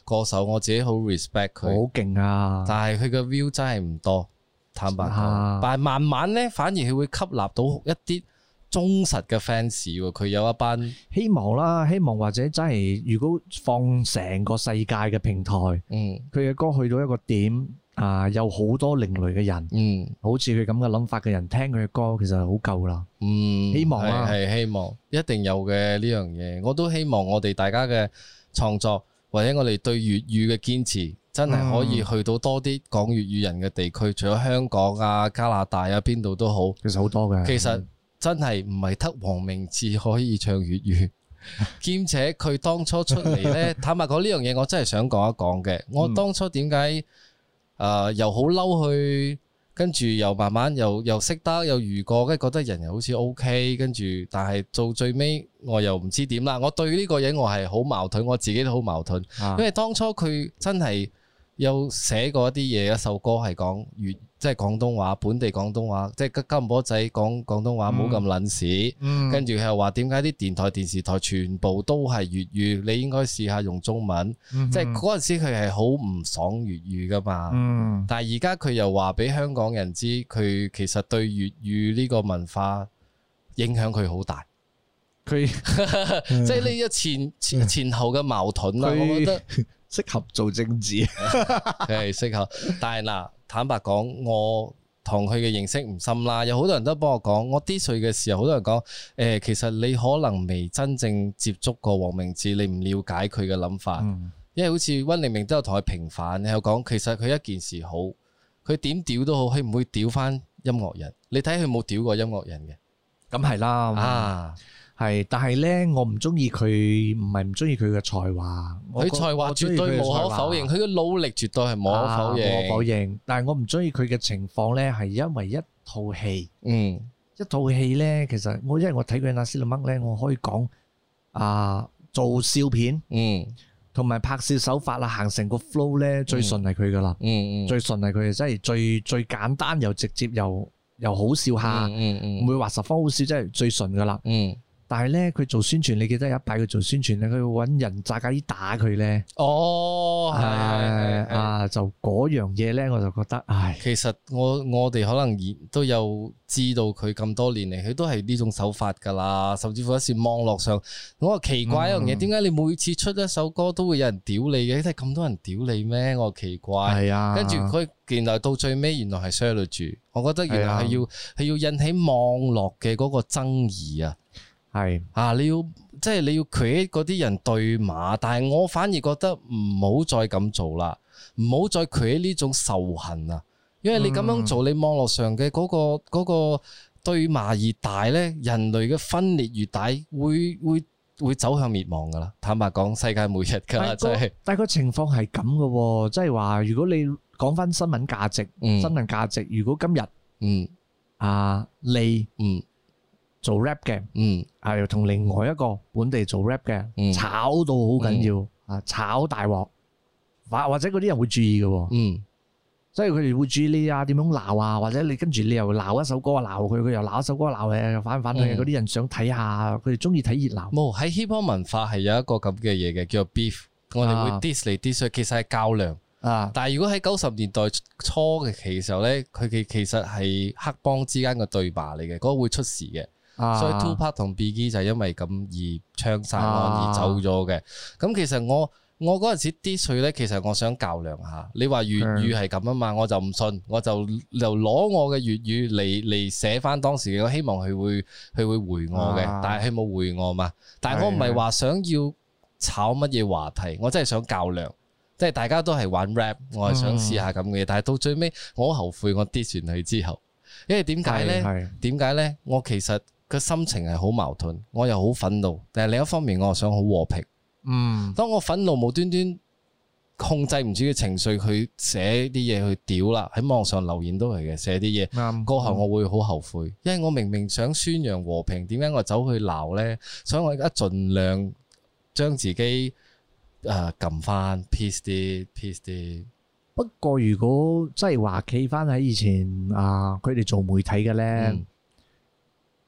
歌手，我自己好 respect 佢。好勁啊！但係佢嘅 view 真係唔多，坦白講。啊、但係慢慢咧，反而佢會吸納到一啲忠實嘅 fans 喎，佢有一班希望啦，希望或者真係如果放成個世界嘅平台，嗯，佢嘅歌去到一個點啊、呃，有好多另類嘅人，嗯，好似佢咁嘅諗法嘅人聽佢嘅歌，其實好夠啦，嗯，希望啦，係係希望一定有嘅呢樣嘢，我都希望我哋大家嘅創作或者我哋對粵語嘅堅持，真係可以去到多啲講粵語人嘅地區，嗯、除咗香港啊、加拿大啊、邊度都好，其實好多嘅，其實。真係唔係得黃明志可以唱粵語，兼且佢當初出嚟咧，坦白講呢樣嘢，我真係想講一講嘅。我當初點解啊，又好嬲去，跟住又慢慢又又識得，又遇過，跟住覺得人又好似 OK，跟住但係做最尾我又唔知點啦。我對呢個嘢我係好矛盾，我自己都好矛盾，因為當初佢真係有寫過一啲嘢，一首歌係講粵。即係廣東話，本地廣東話，即係金波仔講廣東話，冇咁撚屎。跟住佢又話：點解啲電台、電視台全部都係粵語？你應該試下用中文。嗯、哼即係嗰陣時，佢係好唔爽粵語㗎嘛。嗯、但係而家佢又話俾香港人知，佢其實對粵語呢個文化影響佢好大。佢即係呢一前前他前後嘅矛盾啊！他我覺得適合做政治，係 <laughs> <laughs> 適合。但係嗱。坦白講，我同佢嘅認識唔深啦。有好多人都幫我講，我啲稅嘅時候，好多人講誒、呃，其實你可能未真正接觸過黃明志，你唔了解佢嘅諗法。嗯、因為好似溫凌明都有同佢平反，你又講其實佢一件事好，佢點屌都好，佢唔會屌翻音樂人。你睇佢冇屌過音樂人嘅，咁係啦。嗯啊係，但係咧，我唔中意佢，唔係唔中意佢嘅才華。佢才華絕對無可否認，佢嘅努力絕對係冇可、啊、可否認。但係我唔中意佢嘅情況咧，係因為一套戲，嗯、一套戲咧，其實我因為我睇佢《那斯勒乜》咧，我可以講啊，做笑片，同埋、嗯、拍攝手法啊，行成個 flow 咧最順係佢噶啦，最順係佢，嘅、嗯嗯，即係最最簡單又直接又又好笑下，唔、嗯嗯、會話十分好笑，即係最順噶啦。嗯但係咧，佢做宣傳，你記得有一排佢做宣傳咧，佢揾人炸架啲打佢咧。哦，係啊，啊，就嗰樣嘢咧，我就覺得，唉、哎，其實我我哋可能都有知道佢咁多年嚟，佢都係呢種手法㗎喇。甚至乎一時網絡上，我話奇怪一樣嘢，點解、嗯、你每次出一首歌都會有人屌你嘅？你睇咁多人屌你咩？我奇怪。係啊的，跟住佢原來到最尾，原來係 share 住。我覺得原來係要係要引起網絡嘅嗰個爭議啊！的係是啊！你要即係你要佢嗰啲人對罵，wing, 但係我反而覺得唔好再咁做啦，唔好再佢呢種仇恨啊！因為你咁樣做，嗯、你網絡上嘅嗰個嗰個對罵越大咧，人類嘅分裂越大，會會會走向滅亡噶啦！坦白講，世界末日噶啦，係但。但係個情況係咁噶，即係話如果你講翻新聞價值、嗯、新聞價值，如果今日嗯啊你嗯。啊你嗯做 rap 嘅，嗯，係同、啊、另外一個本地做 rap 嘅，嗯、炒到好緊要啊！嗯、炒大鑊，或或者嗰啲人會注意嘅喎，嗯，所以佢哋會注意呢啊，點樣鬧啊？或者你跟住你又鬧一首歌啊，鬧佢佢又鬧一首歌鬧佢，又反反對嘅，嗰啲、嗯、人想睇下，佢哋中意睇熱鬧。冇喺 hiphop 文化係有一個咁嘅嘢嘅，叫 beef，我哋會 dis 嚟 dis 去，其實係較量啊。但係如果喺九十年代初嘅時候咧，佢哋其實係黑幫之間嘅對白嚟嘅，嗰、嗰個會出事嘅。所以 two part 同 B.G 就係因為咁而唱散而走咗嘅。咁其實我我嗰陣時跌碎咧，其實我想較量下。你話粵語係咁啊嘛，我就唔信，我就就攞我嘅粵語嚟嚟寫翻當時嘅，我希望佢會佢會回我嘅。但係佢冇回我嘛。但係我唔係話想要炒乜嘢話題，我真係想較量，即係大家都係玩 rap，我係想試下咁嘅嘢。但係到最尾，我好後悔我跌完佢之後，因為點解咧？點解咧？我其實。個心情係好矛盾，我又好憤怒，但係另一方面我又想好和平。嗯，當我憤怒無端端控制唔住嘅情緒，去寫啲嘢去屌啦，喺網上留言都係嘅，寫啲嘢。啱、嗯。過後我會好後悔，因為我明明想宣揚和平，點解我走去鬧呢？所以我而家盡量將自己誒撳翻 peace 啲，peace 啲。不過如果即係話企翻喺以前啊，佢、呃、哋做媒體嘅呢。嗯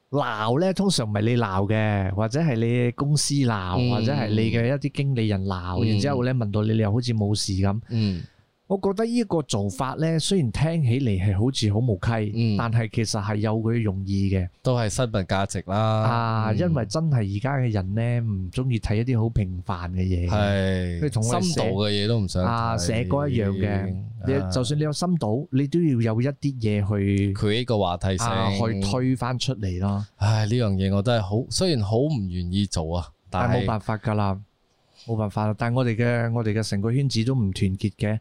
鬧咧，通常唔係你鬧嘅，或者係你公司鬧，嗯、或者係你嘅一啲經理人鬧，嗯、然之後咧問到你，你又好似冇事咁。嗯。我覺得呢個做法呢，雖然聽起嚟係好似好無稽，嗯、但係其實係有佢用意嘅。都係新聞價值啦。啊，嗯、因為真係而家嘅人呢，唔中意睇一啲好平凡嘅嘢。係是。深度嘅嘢都唔想。啊，寫歌一樣嘅，啊、就算你有深度，你都要有一啲嘢去。佢呢、呃、個話題、啊、去推翻出嚟咯。唉，呢樣嘢我都係好，雖然好唔願意做啊，但係冇辦法噶啦，冇辦法啦。但係我哋嘅我哋嘅成個圈子都唔團結嘅。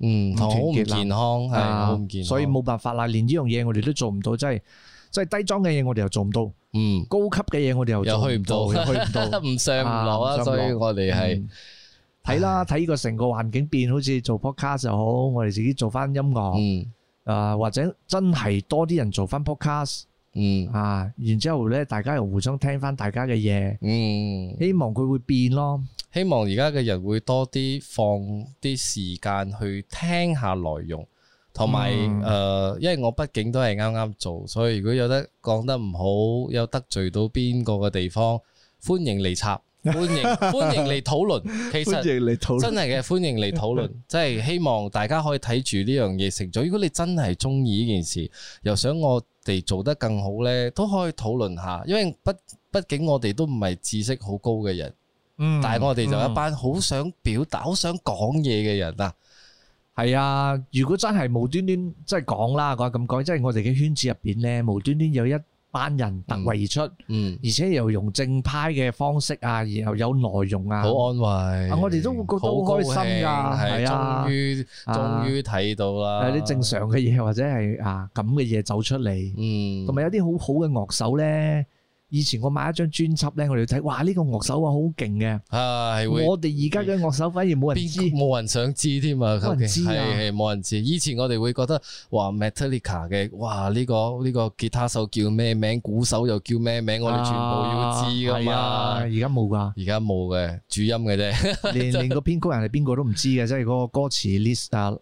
嗯，好唔健康，係好唔健康，所以冇辦法啦。連呢樣嘢我哋都做唔到，就是、即係即係低裝嘅嘢我哋又做唔到，嗯，高級嘅嘢我哋又又去唔到，去唔到，得唔上唔落啊！不不所以我哋係睇啦，睇呢個成個環境變，好似做 podcast 又好，我哋自己做翻音樂，嗯，誒、啊、或者真係多啲人做翻 podcast。嗯啊，然之後咧，大家又互相聽翻大家嘅嘢，嗯，希望佢會變咯。希望而家嘅人會多啲放啲時間去聽下內容，同埋誒，因為我畢竟都係啱啱做，所以如果有得講得唔好，有得罪到邊個嘅地方，歡迎嚟插，歡迎歡迎嚟討論。 <laughs> 其實真係嘅， <laughs> 歡迎嚟討論，即係 <laughs> 希望大家可以睇住呢樣嘢成咗，如果你真係中意呢件事，又想我哋做得更好咧，都可以討論一下，因為畢畢竟我哋都唔係知識好高嘅人，但係我哋就一班好想表達好想講嘢嘅人啊。係呀，如果真係無端端即係講啦，我咁講，即係我哋嘅圈子入邊咧，無端端有一班人突圍而出，嗯，而且又用正派嘅方式啊，然後有內容啊，好安慰、啊、我哋都會覺得好開心㗎，係啊，終於、啊、終於睇到啦、啊，有啲正常嘅嘢或者係啊噉嘅嘢走出嚟，嗯，同埋有啲好好嘅樂手咧。以前我買一張專輯咧，我哋要睇，哇！呢個樂手啊，好勁嘅。啊，我哋而家嘅樂手反而冇人知，冇人想知添啊。冇人知啊，冇 Okay, 人知，人知。以前我哋會覺得，哇，Metallica 嘅，哇，呢個呢個吉他手叫咩名，鼓手又叫咩名，啊、我哋全部要知㗎嘛。係啊，而家冇㗎。而家冇嘅，主音嘅啫。連 <laughs> 連個編曲人係邊個都唔知嘅，即係嗰個歌詞 list 啊，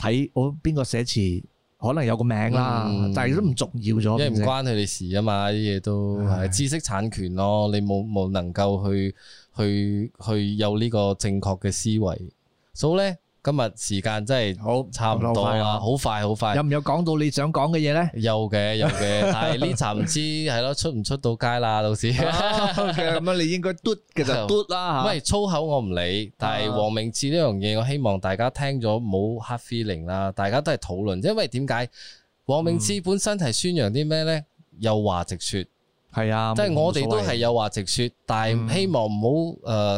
睇我邊個寫詞。可能有個名啦，嗯、但係都唔重要咗。因為唔關佢哋事啊嘛，啲嘢都係的知識產權咯。你冇冇能夠去去去有呢個正確嘅思維，所以咧。今日時間真係好差唔多啦，好快好，啊，快。快有唔有講到你想講嘅嘢咧？有嘅有嘅，但係呢集唔知係咯出唔出到街啦，到時咁樣你應該嘟嘅就嘟啦。喂，粗口我唔理，啊，但係黃明志呢樣嘢，我希望大家聽咗冇 hard feeling 啦，大家都係討論，因為點解黃明志本身係宣揚啲咩咧？有話直說。係啊，即係我哋都係有話直說，但係希望唔好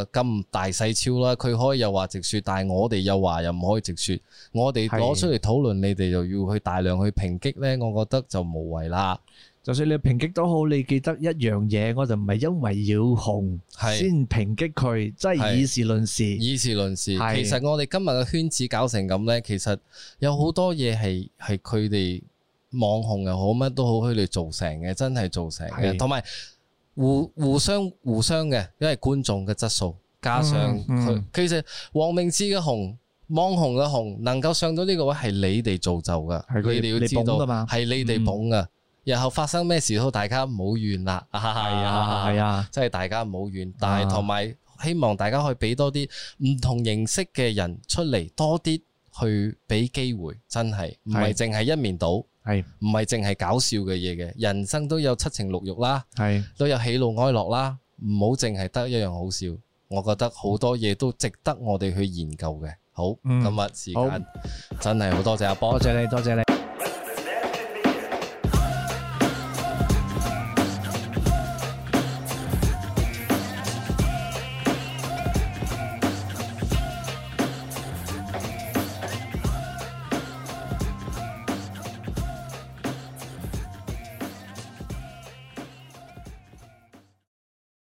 誒咁大細超啦。佢可以有話直說，但係我哋又話又唔可以直說。我哋攞出嚟討論，你哋就要去大量去抨擊咧，我覺得就無謂啦。就算你抨擊都好，你記得一樣嘢，我就唔係因為要紅先抨擊佢，即係以事論事。以事論事，其實我哋今日嘅圈子搞成咁咧，其實有好多嘢係係佢哋，網紅又好，乜都好，佢哋做成嘅，真係做成嘅。同埋互互相互相嘅，因為觀眾嘅質素，加上佢其實黃明志嘅紅，網紅嘅紅，能夠上到呢個位係你哋造就㗎，你哋要知道，係你哋捧嘅。然後發生咩事都大家唔好怨啦，係啊係啊，即係大家唔好怨。但係同埋希望大家可以俾多啲唔同形式嘅人出嚟，多啲去俾機會，真係唔係淨係一面倒。係，唔係淨係搞笑嘅嘢嘅，人生都有七情六欲啦，係是，都有喜怒哀樂啦，唔好淨係得一樣好笑，我覺得好多嘢都值得我哋去研究嘅。好，嗯，今日時間好真係好多謝阿波，多謝你，多謝你。